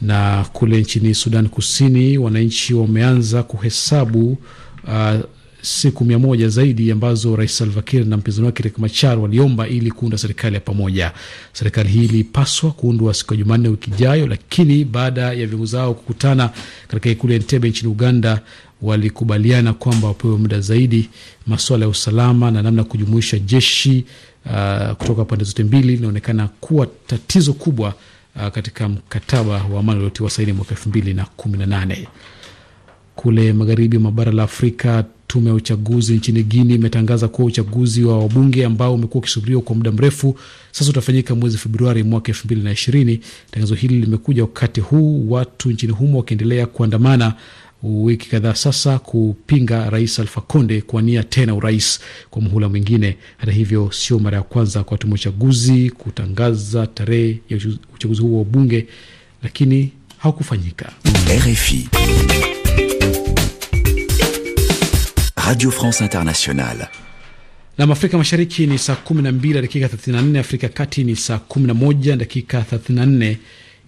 Na kule nchini Sudan Kusini, wananchi wameanza kuhesabu uh, siku mia moja zaidi ambazo Rais Salva Kiir na mpinzani wake Riek Machar waliomba ili kuunda serikali ya pamoja. Serikali hii ilipaswa kuundwa siku ya Jumanne wiki ijayo, lakini baada ya viongozi hao kukutana katika ikulu ya Entebbe nchini Uganda, walikubaliana kwamba wapewe muda zaidi. Masuala ya usalama na namna ya kujumuisha jeshi uh, kutoka pande zote mbili inaonekana kuwa tatizo kubwa uh, katika mkataba wa amani uliotiwa saini mwaka elfu mbili na kumi na nane. Kule magharibi mwa bara la Afrika, tume ya uchaguzi nchini Guini imetangaza kuwa uchaguzi wa wabunge ambao umekuwa ukisubiriwa kwa muda mrefu sasa utafanyika mwezi Februari mwaka elfu mbili na ishirini. Tangazo hili limekuja wakati huu watu nchini humo wakiendelea kuandamana wiki kadhaa sasa kupinga Rais Alfa Konde kuwania tena urais kwa muhula mwingine. Hata hivyo, sio mara ya kwanza kwa tume uchaguzi kutangaza tarehe ya uchaguzi huo wa bunge, lakini haukufanyika. RFI Radio France Internationale nam Afrika Mashariki ni saa 12 na dakika 34, Afrika Kati ni saa 11 na dakika 34.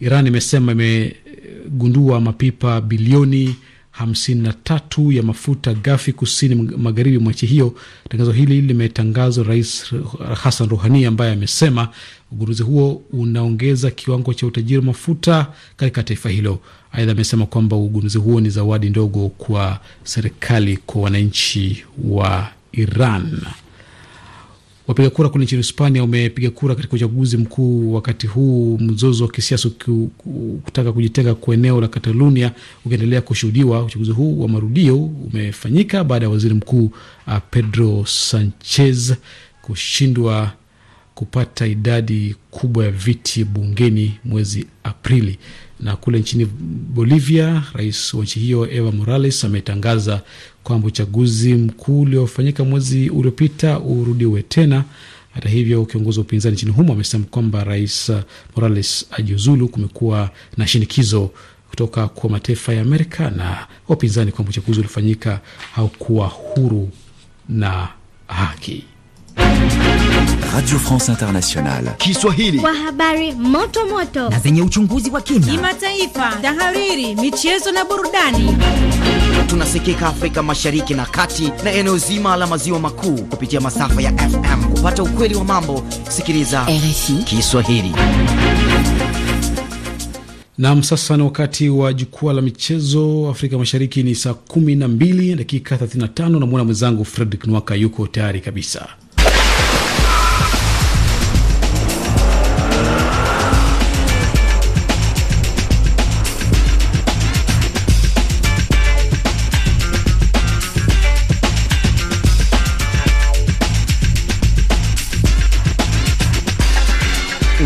Iran imesema imegundua mapipa bilioni 53 ya mafuta gafi kusini magharibi mwa nchi hiyo. Tangazo hili limetangazwa Rais Hassan Rouhani ambaye amesema ugunduzi huo unaongeza kiwango cha utajiri wa mafuta katika taifa hilo. Aidha, amesema kwamba ugunduzi huo ni zawadi ndogo kwa serikali kwa wananchi wa Iran. Wapiga kura kule nchini Hispania wamepiga kura katika uchaguzi mkuu, wakati huu mzozo wa kisiasa kutaka kujitenga kwa eneo la Katalunia ukiendelea kushuhudiwa. Uchaguzi huu wa marudio umefanyika baada ya waziri mkuu ah, Pedro Sanchez kushindwa kupata idadi kubwa ya viti bungeni mwezi Aprili. Na kule nchini Bolivia, rais wa nchi hiyo eva Morales ametangaza kwamba uchaguzi mkuu uliofanyika mwezi uliopita urudiwe tena. Hata hivyo, kiongozi wa upinzani nchini humo amesema kwamba rais Morales ajiuzulu. Kumekuwa na shinikizo kutoka kwa mataifa ya Amerika na wapinzani kwamba uchaguzi uliofanyika haukuwa huru na haki. Radio France Internationale. Kiswahili. Kwa habari moto moto na zenye uchunguzi wa kina, kimataifa, tahariri, michezo na burudani. Tunasikika Afrika Mashariki na Kati na eneo zima la maziwa makuu kupitia masafa ya FM. Kupata ukweli wa mambo, sikiliza RFI Kiswahili. Naam, sasa na wakati wa jukwaa la michezo Afrika Mashariki ni saa 12 dakika 35 na mwana mwenzangu Fredrick Nwaka yuko tayari kabisa.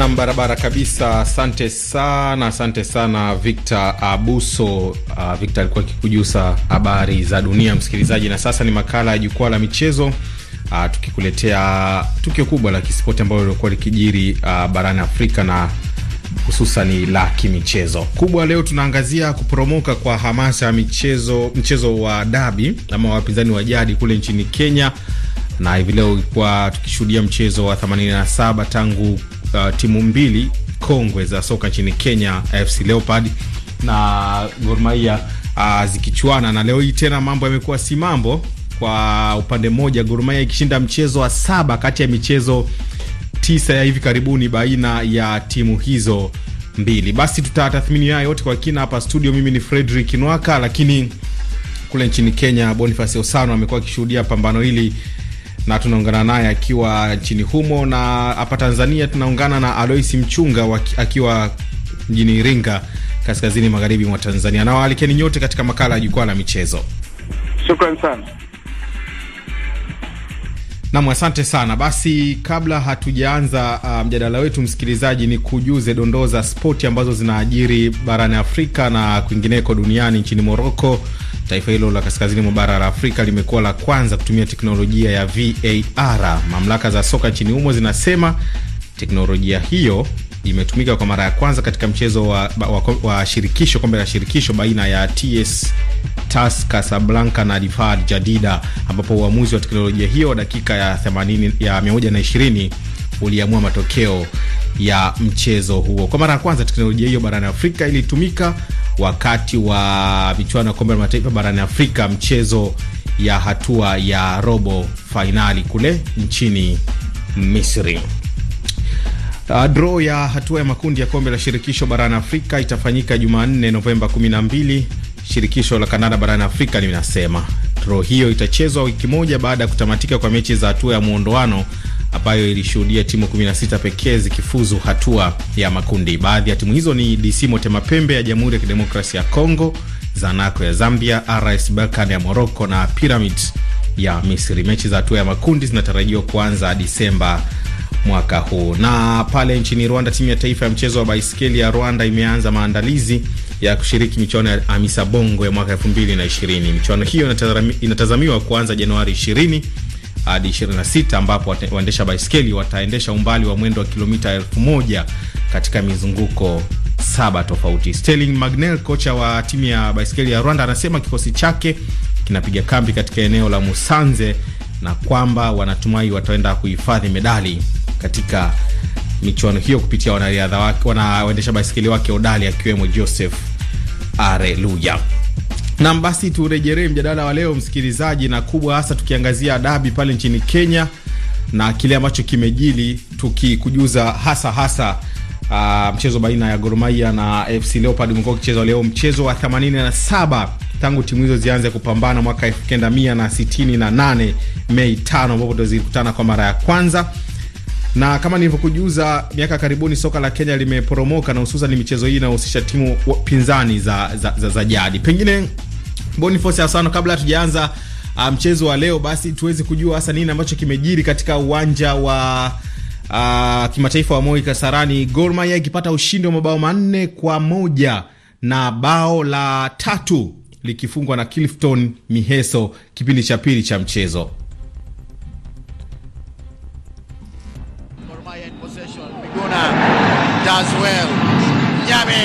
Nam, barabara kabisa. Asante sana, asante sana Victor Abuso. Uh, Victor alikuwa akikujusa habari za dunia, msikilizaji. Na sasa ni makala ya jukwaa la michezo, uh, tukikuletea tukio kubwa la kispoti ambalo lilikuwa likijiri uh, barani Afrika na hususan la kimichezo kubwa. Leo tunaangazia kuporomoka kwa hamasa ya michezo, mchezo wa dabi ama wapinzani wa jadi kule nchini Kenya, na hivi leo ilikuwa tukishuhudia mchezo wa 87 tangu uh, timu mbili kongwe za soka nchini Kenya, AFC Leopard na Gor Mahia uh, zikichuana, na leo hii tena mambo yamekuwa si mambo. Kwa upande mmoja, Gor Mahia ikishinda mchezo wa saba kati ya michezo tisa ya hivi karibuni baina ya timu hizo mbili. Basi tutatathmini haya yote kwa kina hapa studio. Mimi ni Fredrick Nwaka, lakini kule nchini Kenya Boniface Osano amekuwa akishuhudia pambano hili na tunaungana naye akiwa nchini humo, na hapa Tanzania tunaungana na Aloisi Mchunga akiwa mjini Iringa, kaskazini magharibi mwa Tanzania. Na nyote katika makala ya jukwaa la michezo. Shukran sana. Nam, asante sana. Basi kabla hatujaanza uh, mjadala um, wetu msikilizaji, ni kujuze dondoo za spoti ambazo zinaajiri barani Afrika na kwingineko duniani. Nchini Moroko, taifa hilo la kaskazini mwa bara la Afrika limekuwa la kwanza kutumia teknolojia ya VAR. Mamlaka za soka nchini humo zinasema teknolojia hiyo imetumika kwa mara ya kwanza katika mchezo wa, wa, wa shirikisho kombe la shirikisho baina ya TS TAS Casablanca na Difad Jadida, ambapo uamuzi wa teknolojia hiyo dakika ya 80 ya 120 uliamua matokeo ya mchezo huo. Kwa mara ya kwanza teknolojia hiyo barani Afrika ilitumika wakati wa michuano ya kombe la mataifa barani Afrika, mchezo ya hatua ya robo fainali kule nchini Misri. Uh, draw ya hatua ya makundi ya kombe la shirikisho barani Afrika itafanyika Jumanne Novemba 12, shirikisho la Kanada barani Afrika linasema. Draw hiyo itachezwa wiki moja baada ya kutamatika kwa mechi za hatua ya muondoano ambayo ilishuhudia timu 16 pekee zikifuzu hatua ya makundi. Baadhi ya timu hizo ni DC Motema Pembe ya Jamhuri ya Kidemokrasia ya Kongo, Zanaco ya Zambia, RS Berkane ya Morocco na Pyramids ya Misri. Mechi za hatua ya makundi zinatarajiwa kuanza Disemba mwaka huu. Na pale nchini Rwanda, timu ya taifa ya mchezo wa baiskeli ya Rwanda imeanza maandalizi ya kushiriki michuano ya Amisa Bongo ya mwaka 2020. Michuano hiyo inatazamiwa kuanza Januari 20 hadi 26 ambapo waendesha baiskeli wataendesha umbali wa mwendo wa kilomita 1000 katika mizunguko saba tofauti. Sterling Magnell, kocha wa timu ya baiskeli ya Rwanda, anasema kikosi chake kinapiga kambi katika eneo la Musanze na kwamba wanatumai wataenda kuhifadhi medali katika michuano hiyo kupitia wanariadha wake, wanaoendesha baiskeli wake Odali akiwemo Joseph Areluya. Nam, basi turejeree mjadala wa leo msikilizaji, na kubwa hasa tukiangazia dabi pale nchini Kenya na kile ambacho kimejili, tukikujuza hasa hasa uh, mchezo baina ya Gor Mahia na FC Leopards umekuwa ukichezwa leo, mchezo wa 87 tangu timu hizo zianze kupambana mwaka 1968 Mei 5 ambapo ndo zilikutana kwa mara ya kwanza na kama nilivyokujuza, miaka karibuni soka la Kenya limeporomoka na hususan michezo hii inahusisha timu pinzani za, za, za, za jadi. Pengine Boniface Asano, kabla hatujaanza ah, mchezo um, wa leo, basi tuweze kujua hasa nini ambacho kimejiri katika uwanja wa uh, kimataifa wa Moi Kasarani, Gor Mahia ikipata ushindi wa mabao manne kwa moja na bao la tatu likifungwa na Clifton Miheso kipindi cha pili cha mchezo. as well. Nyame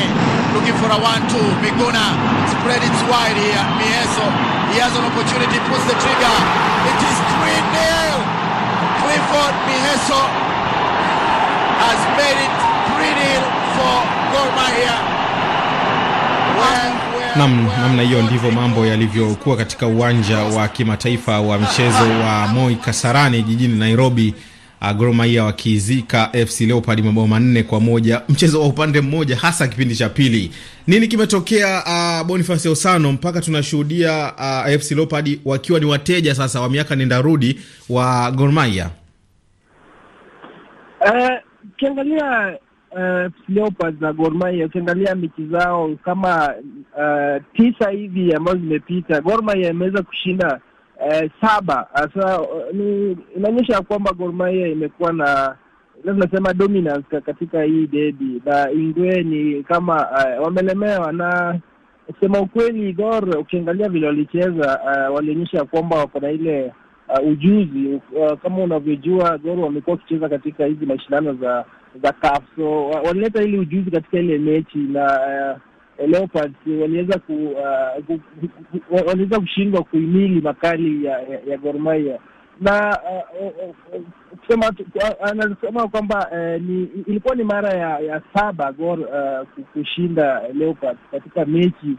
looking for a one-two. Miguna spread it wide here. Mieso, he has an opportunity, puts the trigger. It is 3-0. Clifford Mieso has made it 3-0 for Gor here. Nam, namna hiyo ndivyo mambo yalivyokuwa katika uwanja wa kimataifa wa mchezo wa Moi Kasarani jijini Nairobi. Uh, Gor Mahia wakizika FC Leopard mabao manne kwa moja, mchezo wa upande mmoja, hasa kipindi cha pili. Nini kimetokea uh, Boniface Osano mpaka tunashuhudia uh, ah, FC Leopard wakiwa ni wateja sasa wa miaka nenda rudi wa Gor Mahia? Eh, ukiangalia uh, eh, uh, Leopards na Gor Mahia, ukiangalia mechi zao kama uh, tisa hivi ambazo zimepita, Gor Mahia imeweza kushinda eh, saba. Ah, Sasa uh, inaonyesha ya kwamba Gor Mahia imekuwa na tunasema dominance katika hii debi na Ingwe ni kama uh, wamelemewa na sema ukweli, Gor ukiangalia vile walicheza uh, walionyesha kwamba wako na ile uh, ujuzi uh, kama unavyojua Gor wamekuwa wakicheza katika hizi mashindano za za CAF, so walileta ile ujuzi katika ile mechi na uh, Leopards waliweza ku, uh, ku, waliweza kushindwa kuhimili makali ya, ya, ya Gor Mahia na anasema uh, uh, uh, kwamba ni ilikuwa ni mara ya, ya saba Gor uh, kushinda Leopards katika mechi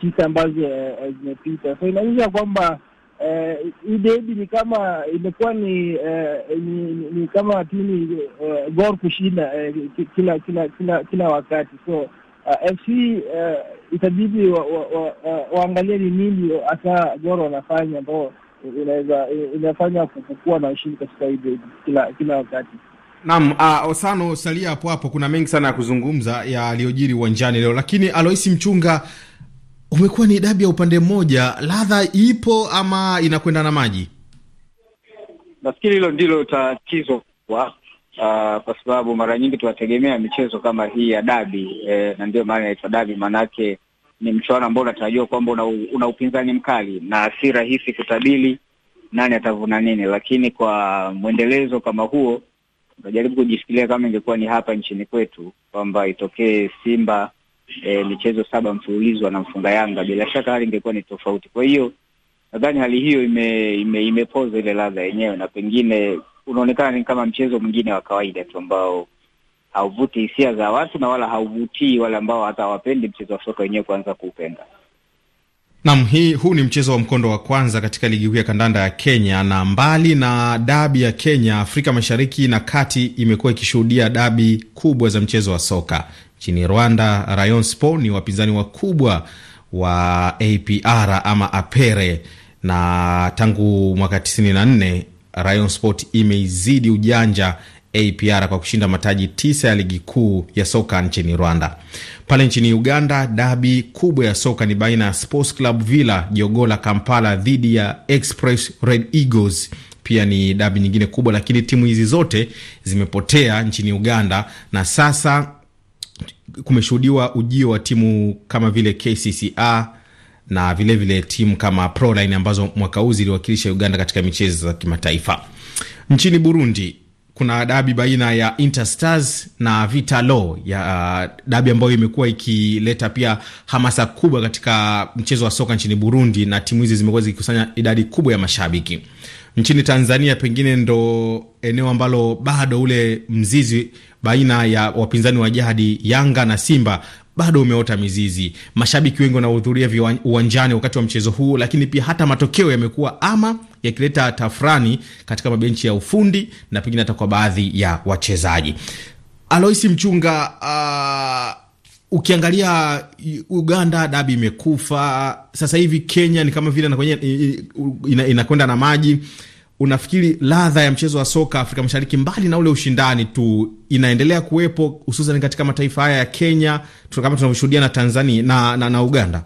tisa ambazo uh, zimepita, so inaonyesha kwamba hii uh, debi ni kama imekuwa ni, uh, ni, ni ni kama timu uh, Gor kushinda uh, kila, kila kila kila wakati so uh, eh, FC uh, eh, itabidi waangalie wa, wa, wa eh, ni nini hata goro wanafanya ambao inaweza inafanya kukuwa na ushindi katika hii kila kila wakati. Naam, uh, Osano salia hapo hapo, kuna mengi sana ya kuzungumza yaliyojiri uwanjani leo, lakini Aloisi Mchunga, umekuwa ni dabi ya upande mmoja, ladha ipo ama inakwenda na maji? Nafikiri hilo ndilo tatizo wa uh, kwa sababu mara nyingi tunategemea michezo kama hii ya dabi eh, na ndio maana inaitwa dabi, maanake ni mchuano ambao unatarajiwa kwamba una, una upinzani mkali na si rahisi kutabili nani atavuna nini, lakini kwa mwendelezo kama huo unajaribu kujisikilia kama ingekuwa ni hapa nchini kwetu kwamba itokee Simba eh, michezo saba mfululizo anamfunga Yanga, bila shaka hali ingekuwa ni tofauti. Kwa hiyo nadhani hali hiyo ime, ime, imepoza ile ladha yenyewe na pengine unaonekana ni kama mchezo mwingine wa kawaida tu ambao hauvuti hisia za watu na wala hauvutii wale ambao hata hawapendi mchezo wa soka wenyewe kuanza kuupenda. nam hii huu ni mchezo wa mkondo wa kwanza katika ligi kuu ya kandanda ya Kenya, na mbali na dabi ya Kenya, Afrika Mashariki na Kati imekuwa ikishuhudia dabi kubwa za mchezo wa soka. Nchini Rwanda, Rayon Sport ni wapinzani wakubwa wa APR ama Apere, na tangu mwaka 94 Rayon Sport imeizidi ujanja APR kwa kushinda mataji tisa ya ligi kuu ya soka nchini Rwanda. Pale nchini Uganda, dabi kubwa ya soka ni baina ya Sports Club Villa Jogola Kampala dhidi ya Express Red Eagles pia ni dabi nyingine kubwa, lakini timu hizi zote zimepotea nchini Uganda na sasa kumeshuhudiwa ujio wa timu kama vile KCCA na vilevile vile timu kama Proline ambazo mwaka huu ziliwakilisha Uganda katika michezo za kimataifa. Nchini Burundi kuna dabi baina ya Interstars na Vitalo ya uh, dabi ambayo imekuwa ikileta pia hamasa kubwa katika mchezo wa soka nchini Burundi, na timu hizi zimekuwa zikikusanya idadi kubwa ya mashabiki. Nchini Tanzania pengine ndo eneo ambalo bado ule mzizi baina ya wapinzani wa jadi Yanga na Simba bado umeota mizizi. Mashabiki wengi wanahudhuria uwanjani wakati wa mchezo huu, lakini pia hata matokeo yamekuwa ama yakileta tafrani katika mabenchi ya ufundi na pengine hata kwa baadhi ya wachezaji. Aloisi Mchunga, uh... Ukiangalia Uganda dabi imekufa sasa hivi, Kenya ni kama vile inakwenda na maji unafikiri ladha ya mchezo wa soka Afrika Mashariki, mbali na ule ushindani tu, inaendelea kuwepo hususan katika mataifa haya ya Kenya kama tunavyoshuhudia na Tanzania na, na, na Uganda?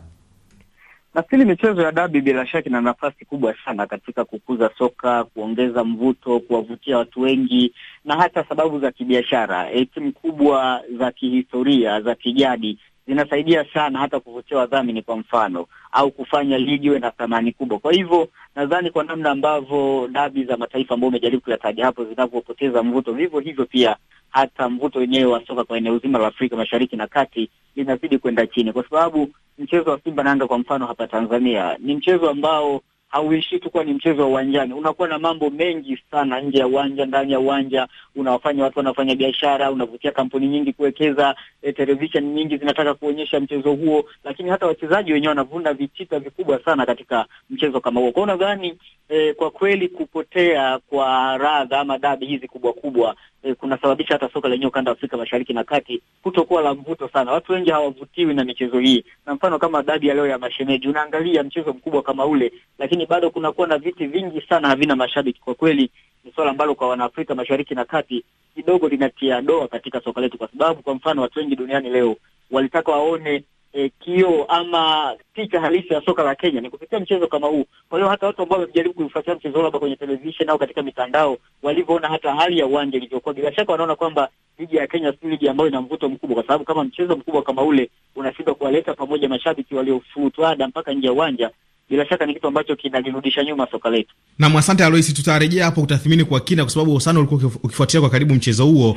Nafikiri michezo ya dabi bila shaka ina nafasi kubwa sana katika kukuza soka, kuongeza mvuto, kuwavutia watu wengi, na hata sababu za kibiashara, eh, timu kubwa za kihistoria za kijadi zinasaidia sana hata kuvutia wadhamini kwa mfano, au kufanya ligi iwe na thamani kubwa. Kwa hivyo nadhani kwa namna ambavyo dabi za mataifa ambayo umejaribu kuyataja hapo zinavyopoteza mvuto, vivyo hivyo pia hata mvuto wenyewe wa soka kwa eneo zima la Afrika Mashariki na Kati linazidi kwenda chini, kwa sababu mchezo wa Simba na Yanga kwa mfano hapa Tanzania ni mchezo ambao hauishii tu kuwa ni mchezo wa uwanjani, unakuwa na mambo mengi sana nje ya uwanja, ndani ya uwanja, unawafanya watu wanafanya biashara, unavutia kampuni nyingi kuwekeza, e, eh, televisheni nyingi zinataka kuonyesha mchezo huo, lakini hata wachezaji wenyewe wanavuna vitita vikubwa sana katika mchezo kama huo. Kwa hiyo nadhani e, eh, kwa kweli kupotea kwa radha ama dabi hizi kubwa kubwa e, kunasababisha hata soka lenyewe ukanda wa Afrika Mashariki na Kati kutokuwa la mvuto sana. Watu wengi hawavutiwi na michezo hii, na mfano kama dabi ya leo ya mashemeji, unaangalia mchezo mkubwa kama ule, lakini bado kunakuwa na viti vingi sana havina mashabiki. Kwa kweli ni swala ambalo kwa wanaafrika Mashariki na Kati kidogo linatia doa katika soka letu, kwa sababu kwa mfano watu wengi duniani leo walitaka waone e, kioo ama picha halisi ya soka la Kenya ni kupitia mchezo kama huu. Kwa hiyo hata watu ambao wamejaribu kuifuatia mchezo huo labda kwenye televisheni au katika mitandao, walivyoona hata hali ya uwanja ilivyokuwa, bila shaka wanaona kwamba ligi ya Kenya si ligi ambayo ina mvuto mkubwa, kwa sababu kama mchezo mkubwa kama ule unashindwa kuwaleta pamoja mashabiki waliofutwada mpaka nje ya uwanja bila shaka ni kitu ambacho kinalirudisha nyuma soka letu. Naam, asante Alois, tutarejea hapo kutathmini kwa kina, kwa sababu Osano ulikuwa ukifuatilia kwa karibu mchezo huo.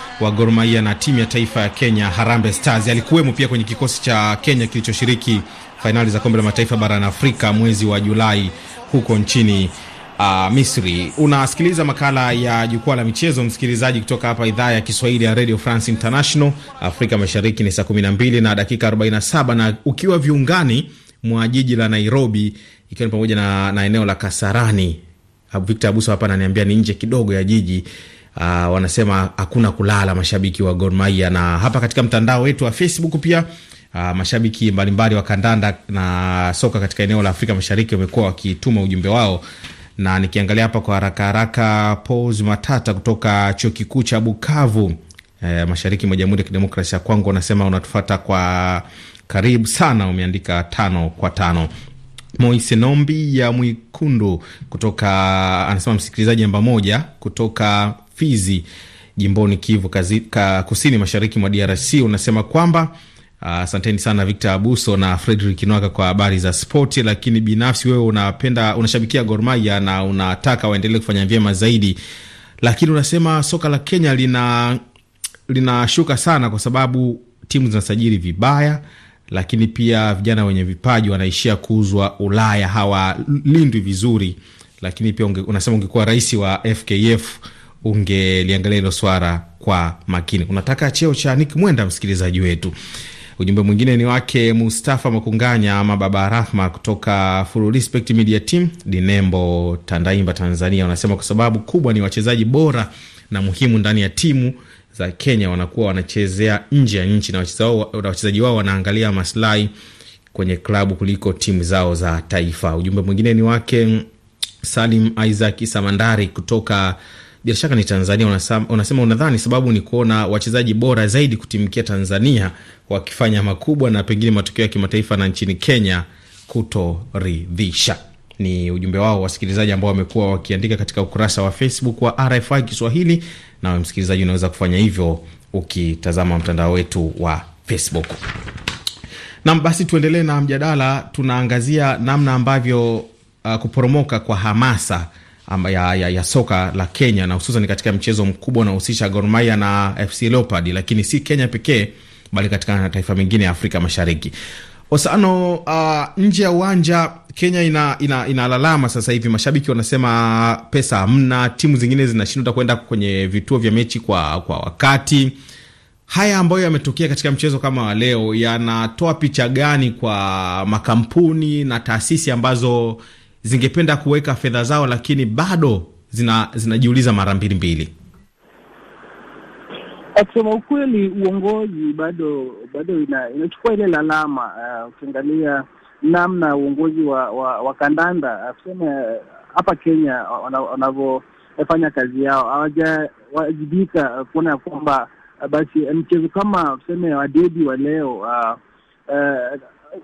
wa Gor Mahia na timu ya taifa ya Kenya Harambee Stars. Alikuwemo pia kwenye kikosi cha Kenya kilichoshiriki fainali za kombe la mataifa barani Afrika mwezi wa Julai huko nchini uh, Misri. Unasikiliza makala ya jukwaa la michezo, msikilizaji, kutoka hapa idhaa ya Kiswahili ya Radio France International. Afrika Mashariki ni saa 12 na dakika 47, na ukiwa viungani mwa jiji la Nairobi, ikiwa ni pamoja na, na eneo la Kasarani. Victor Abuso hapa ananiambia ni nje kidogo ya jiji uh, wanasema hakuna kulala mashabiki wa Gor Mahia, na hapa katika mtandao wetu wa Facebook pia Uh, mashabiki mbalimbali wa kandanda na soka katika eneo la Afrika Mashariki wamekuwa wakituma ujumbe wao, na nikiangalia hapa kwa haraka haraka, Paul Matata kutoka chuo kikuu cha Bukavu eh, mashariki mwa Jamhuri ya Kidemokrasia ya Kongo anasema unatufata kwa karibu sana, umeandika tano kwa tano. Moise Nombi ya Mwikundu kutoka anasema msikilizaji namba moja kutoka Fizi jimboni Kivu kazi, ka kusini mashariki mwa DRC unasema kwamba ah, asanteni uh, sana Victor Abuso na Fredrick Nwaka kwa habari za spoti, lakini binafsi wewe unapenda unashabikia Gor Mahia na unataka waendelee kufanya vyema zaidi, lakini unasema soka la Kenya lina linashuka sana kwa sababu timu zinasajili vibaya, lakini pia vijana wenye vipaji wanaishia kuuzwa Ulaya, hawalindwi vizuri, lakini pia unge, unasema ungekuwa rais wa FKF ungeliangalia hilo swala kwa makini. Unataka cheo cha Nick Mwenda, msikilizaji wetu. Ujumbe mwingine ni wake Mustafa Makunganya ama Baba Rahma kutoka Full Respect Media Team, Dinembo, Tandaimba, Tanzania. Wanasema kwa sababu kubwa ni wachezaji bora na muhimu ndani ya timu za Kenya wanakuwa wanachezea nje ya nchi na wachezaji wao wanaangalia maslahi kwenye klabu kuliko timu zao za taifa. Ujumbe mwingine ni wake Salim Isaac Samandari kutoka bila shaka ni Tanzania. Unasema, unasema unadhani sababu ni kuona wachezaji bora zaidi kutimkia Tanzania wakifanya makubwa na pengine matokeo ya kimataifa na nchini Kenya kutoridhisha. Ni ujumbe wao wasikilizaji ambao wamekuwa wakiandika katika ukurasa wa Facebook wa RFI Kiswahili, Na msikilizaji unaweza kufanya hivyo ukitazama mtandao wetu wa Facebook. Nam, basi tuendelee na mjadala. Tunaangazia namna ambavyo uh, kuporomoka kwa hamasa ya, ya, ya soka la Kenya na hususan katika mchezo mkubwa unaohusisha Gor Mahia na FC Leopard, lakini si Kenya pekee bali katika mataifa mengine ya Afrika Mashariki. Osano, uh, nje ya uwanja Kenya ina, ina, inalalama sasa hivi. Mashabiki wanasema pesa hamna, timu zingine zinashindwa kwenda kwenye vituo vya mechi kwa, kwa wakati. Haya ambayo yametokea katika mchezo kama wa leo yanatoa picha gani kwa makampuni na taasisi ambazo zingependa kuweka fedha zao, lakini bado zina, zinajiuliza mara mbili mbili. Kusema ukweli, uongozi bado bado ina, inachukua ile lalama. Eh, ukiangalia uh, namna uongozi wa, wa, wa kandanda eh, tuseme eh, hapa Kenya wanavyofanya kazi yao hawajawajibika kuona ya kwamba basi mchezo kama tuseme wadebi wa leo uh, uh,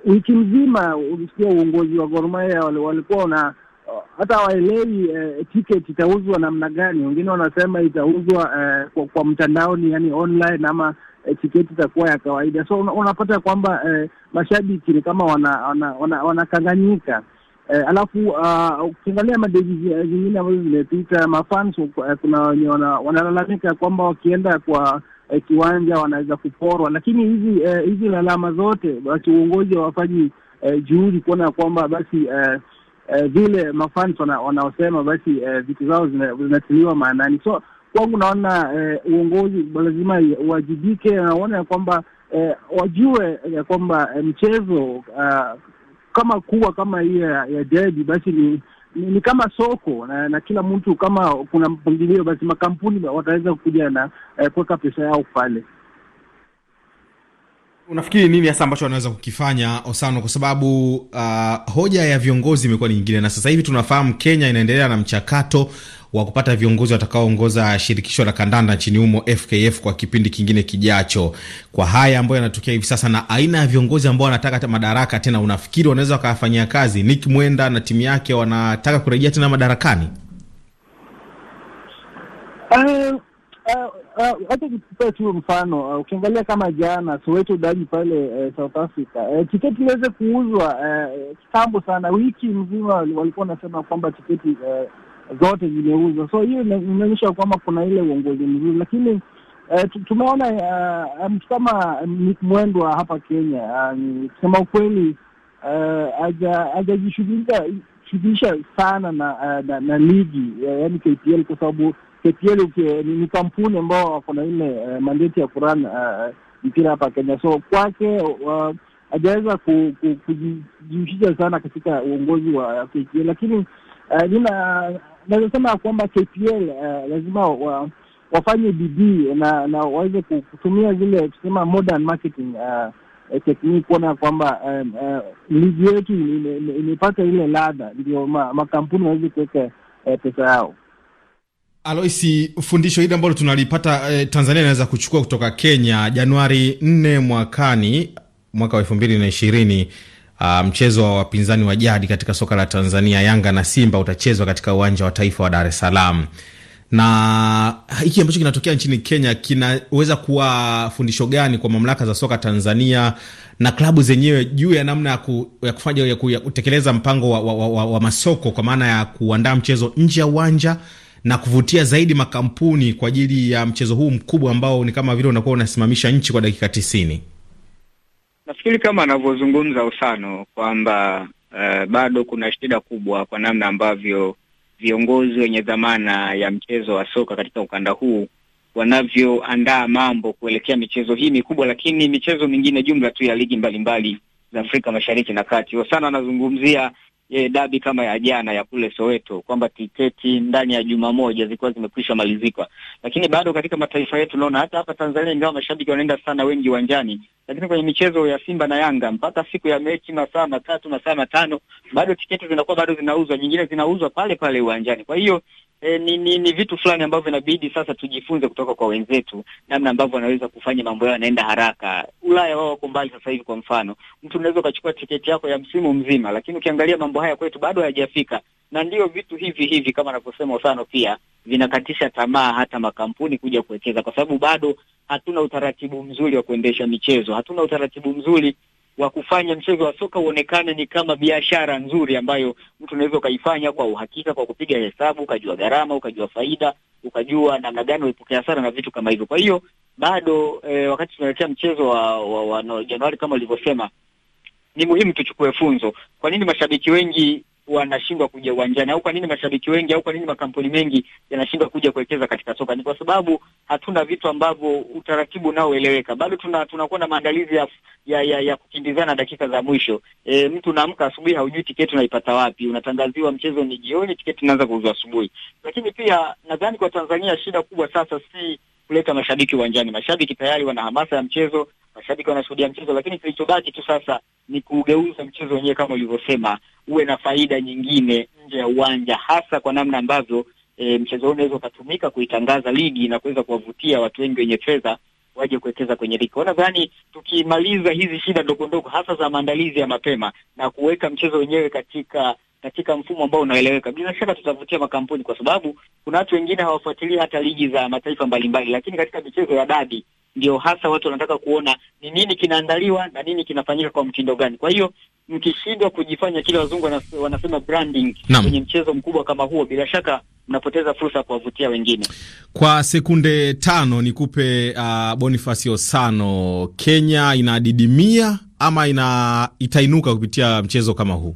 wiki uh, mzima ulisikia uongozi wa Gor Mahia walikuwa wana uh, hata waelewi eh, uh, tiketi itauzwa namna gani. Wengine wanasema itauzwa eh, kwa, kwa mtandaoni, yani online ama eh, tiketi itakuwa ya kawaida. So unapata unapata kwamba eh, mashabiki ni kama wanakanganyika wana, wana, wana eh, alafu ukiangalia uh, madeji zingine ambazo zimepita mafans uh, kuna wenye wanalalamika wana kwamba wakienda kwa eh, kiwanja wanaweza kuporwa, lakini hizi eh, hizi lalama zote basi uongozi hawafanyi eh, juhudi kuona ya kwamba basi eh, eh, vile mafans wanaosema basi eh, vitu zao zinatiliwa maanani. So kwangu naona eh, uongozi lazima uwajibike, naona ya kwamba eh, wajue ya kwamba eh, mchezo uh, kama kubwa kama hii ya, ya derby basi ni ni, ni kama soko na, na kila mtu kama kuna mpangilio basi makampuni wataweza kuja na eh, kuweka pesa yao pale. Unafikiri nini hasa ambacho wanaweza kukifanya Osano? Kwa sababu uh, hoja ya viongozi imekuwa ni nyingine, na sasa hivi tunafahamu Kenya inaendelea na mchakato wa kupata viongozi watakaoongoza shirikisho la kandanda nchini humo FKF kwa kipindi kingine kijacho. Kwa haya ambayo yanatokea hivi sasa na aina ya viongozi ambao wanataka madaraka tena, unafikiri wanaweza wakafanyia kazi? Nick Mwenda na timu yake wanataka kurejea tena madarakani? Hata ah, ah, ah, wacha tu mfano, ukiangalia kama jana Soweto daji pale eh, South Africa, eh, tiketi iliweze kuuzwa eh, kitambo sana, wiki mzima walikuwa wanasema kwamba tiketi zote zimeuzwa. So hiyo imeonyesha kwamba kuna ile uongozi mzuri, lakini eh, tumeona uh, eh, mtu kama Nick Mwendwa hapa Kenya uh, kusema ukweli eh, hajajishughulisha uh, shughulisha sana na, uh, na na ligi uh, yaani KPL kwa sababu KPL ni, ni kampuni ambao wako na ile uh, mandeti ya kuran uh, mpira hapa Kenya, so kwake hajaweza uh, kujihusisha ku, ku, sana katika uongozi wa KPL, lakini uh, nina naweza sema ya kwamba KPL uh, eh, lazima wa, wafanye bidii na na waweze kutumia zile tusema modern marketing uh, technique kuona kwamba um, uh, ligi yetu imepata ile ladha, ndio ma, makampuni waweze kuweka uh, pesa yao. Aloisi, fundisho hili ambalo tunalipata eh, Tanzania inaweza kuchukua kutoka Kenya Januari 4 mwakani mwaka wa elfu mbili na ishirini Uh, mchezo wa wapinzani wa jadi katika soka la Tanzania, Yanga na Simba utachezwa katika uwanja wa taifa wa Dar es Salaam, na hiki ambacho kinatokea nchini Kenya kinaweza kuwa fundisho gani kwa mamlaka za soka Tanzania na klabu zenyewe juu ya namna ya, ku, ya kufanya ya, kutekeleza mpango wa, wa, wa, wa masoko kwa maana ya kuandaa mchezo nje ya uwanja na kuvutia zaidi makampuni kwa ajili ya mchezo huu mkubwa ambao ni kama vile unakuwa unasimamisha nchi kwa dakika tisini. Nafikiri kama anavyozungumza Usano kwamba uh, bado kuna shida kubwa kwa namna ambavyo viongozi wenye dhamana ya mchezo wa soka katika ukanda huu wanavyoandaa mambo kuelekea michezo hii mikubwa, lakini michezo mingine jumla tu ya ligi mbalimbali mbali za Afrika Mashariki na Kati. Usano anazungumzia e, dabi kama ya jana ya kule Soweto kwamba tiketi ndani ya juma moja zilikuwa zimekwisha malizika, lakini bado katika mataifa yetu unaona hata hapa Tanzania, ingawa mashabiki wanaenda sana wengi uwanjani, lakini kwenye michezo ya Simba na Yanga mpaka siku ya mechi, masaa matatu masaa matano, bado tiketi zinakuwa bado zinauzwa, nyingine zinauzwa pale pale uwanjani. Kwa hiyo E, ni, ni, ni vitu fulani ambavyo inabidi sasa tujifunze kutoka kwa wenzetu, namna ambavyo wanaweza kufanya mambo yao yanaenda haraka. Ulaya wao wako mbali sasa hivi. Kwa mfano, mtu unaweza ukachukua tiketi yako ya msimu mzima, lakini ukiangalia mambo haya kwetu bado hayajafika, na ndiyo vitu hivi hivi kama anavyosema Osano pia vinakatisha tamaa hata makampuni kuja kuwekeza, kwa sababu bado hatuna utaratibu mzuri wa kuendesha michezo, hatuna utaratibu mzuri wa kufanya mchezo wa soka uonekane ni kama biashara nzuri ambayo mtu unaweza ukaifanya kwa uhakika, kwa kupiga hesabu, ukajua gharama, ukajua faida, ukajua namna gani uepuke hasara na vitu kama hivyo. Kwa hiyo bado eh, wakati tunaelekea mchezo wa, wa, wa no, Januari kama ulivyosema, ni muhimu tuchukue funzo. Kwa nini mashabiki wengi wanashindwa kuja uwanjani, au kwa nini mashabiki wengi au kwa nini makampuni mengi yanashindwa kuja kuwekeza katika soka? Ni kwa sababu hatuna vitu ambavyo utaratibu unaoeleweka. Bado tuna tunakuwa na maandalizi ya, ya, ya, ya kukimbizana dakika za mwisho. E, mtu unaamka asubuhi, haujui tiketi unaipata wapi, unatangaziwa mchezo ni jioni, tiketi inaanza kuuzwa asubuhi. Lakini pia nadhani kwa Tanzania shida kubwa sasa si kuleta mashabiki uwanjani. Mashabiki tayari wana hamasa ya mchezo, mashabiki wanashuhudia mchezo, lakini kilichobaki tu sasa ni kugeuza mchezo wenyewe kama ulivyosema, uwe na faida nyingine nje ya uwanja, hasa kwa namna ambavyo e, mchezo huu unaweza ukatumika kuitangaza ligi na kuweza kuwavutia watu wengi wenye fedha waje kuwekeza kwenye ligi. Nadhani tukimaliza hizi shida ndogo ndogo, hasa za maandalizi ya mapema na kuweka mchezo wenyewe katika katika mfumo ambao unaeleweka. Bila shaka tutavutia makampuni, kwa sababu kuna watu wengine hawafuatilia hata ligi za mataifa mbalimbali, lakini katika michezo ya dabi ndio hasa watu wanataka kuona ni nini kinaandaliwa na nini kinafanyika kwa mtindo gani. Kwa hiyo mkishindwa kujifanya kile wazungu wanasema branding kwenye mchezo mkubwa kama huo, bila shaka mnapoteza fursa ya kuwavutia wengine. Kwa sekunde tano nikupe uh, bonifasi Osano, Kenya inadidimia ama ina, itainuka kupitia mchezo kama huu?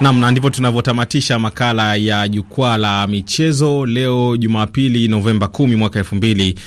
Namna ndivyo tunavyotamatisha makala ya jukwaa la michezo leo Jumapili, Novemba 10 mwaka elfu mbili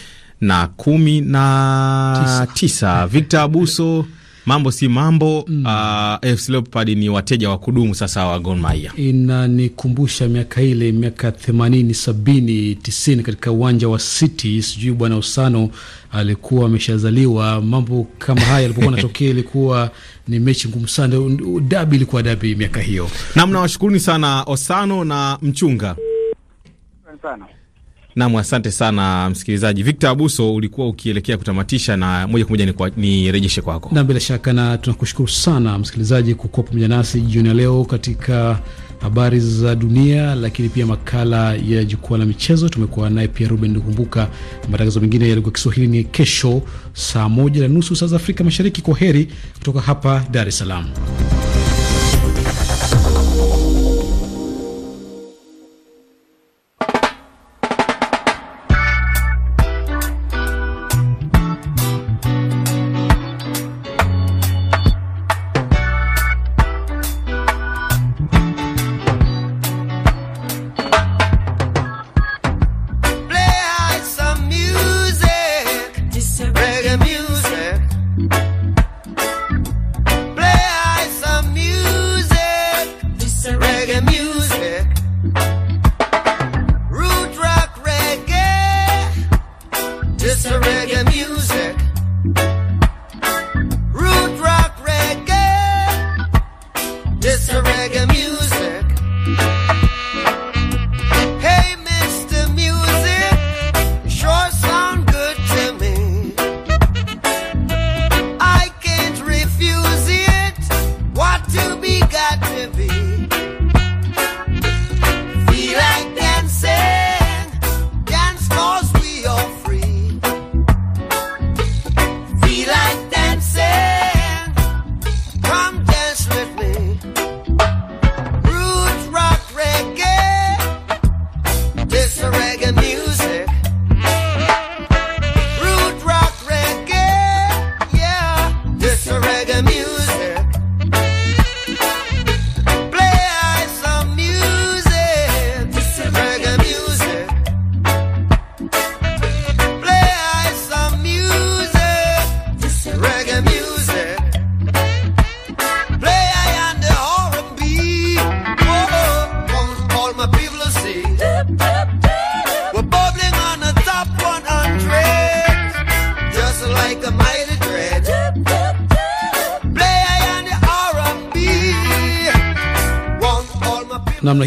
na kumi na tisa. Victor Abuso mambo si mambo mm. Uh, ah, AFC Leopard ni wateja wa kudumu sasa wa Gor Mahia. Inanikumbusha miaka ile miaka themanini sabini tisini katika uwanja wa City, sijui bwana Usano alikuwa ameshazaliwa. Mambo kama haya yalipokuwa natokea, ilikuwa ni mechi ngumu sana, dabi ilikuwa dabi miaka hiyo. nam nawashukuruni sana Osano na Mchunga sana. Nam, asante sana msikilizaji. Victor Abuso, ulikuwa ukielekea kutamatisha, na moja kwa moja nirejeshe ni kwako. Nam, bila shaka, na tunakushukuru sana msikilizaji kukuwa pamoja nasi jioni ya leo katika habari za dunia, lakini pia makala ya jukwaa la michezo. Tumekuwa naye pia Ruben Lukumbuka. Matangazo mengine ya lugha Kiswahili ni kesho saa moja na nusu saa za Afrika Mashariki. Kwa heri kutoka hapa Dar es Salaam.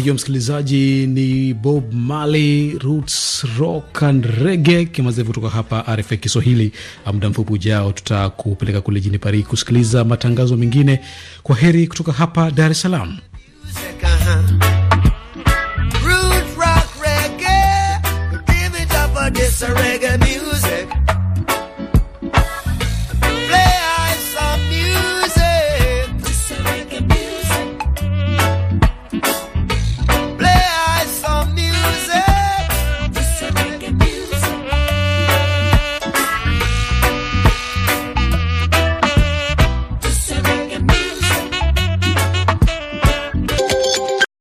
hiyo msikilizaji ni Bob Marley, roots rock and reggae kimazevu kutoka hapa RFI Kiswahili. Ah, muda mfupi ujao tutakupeleka kule jini Paris kusikiliza matangazo mengine. Kwa heri kutoka hapa Dar es Salaam. Uh-huh.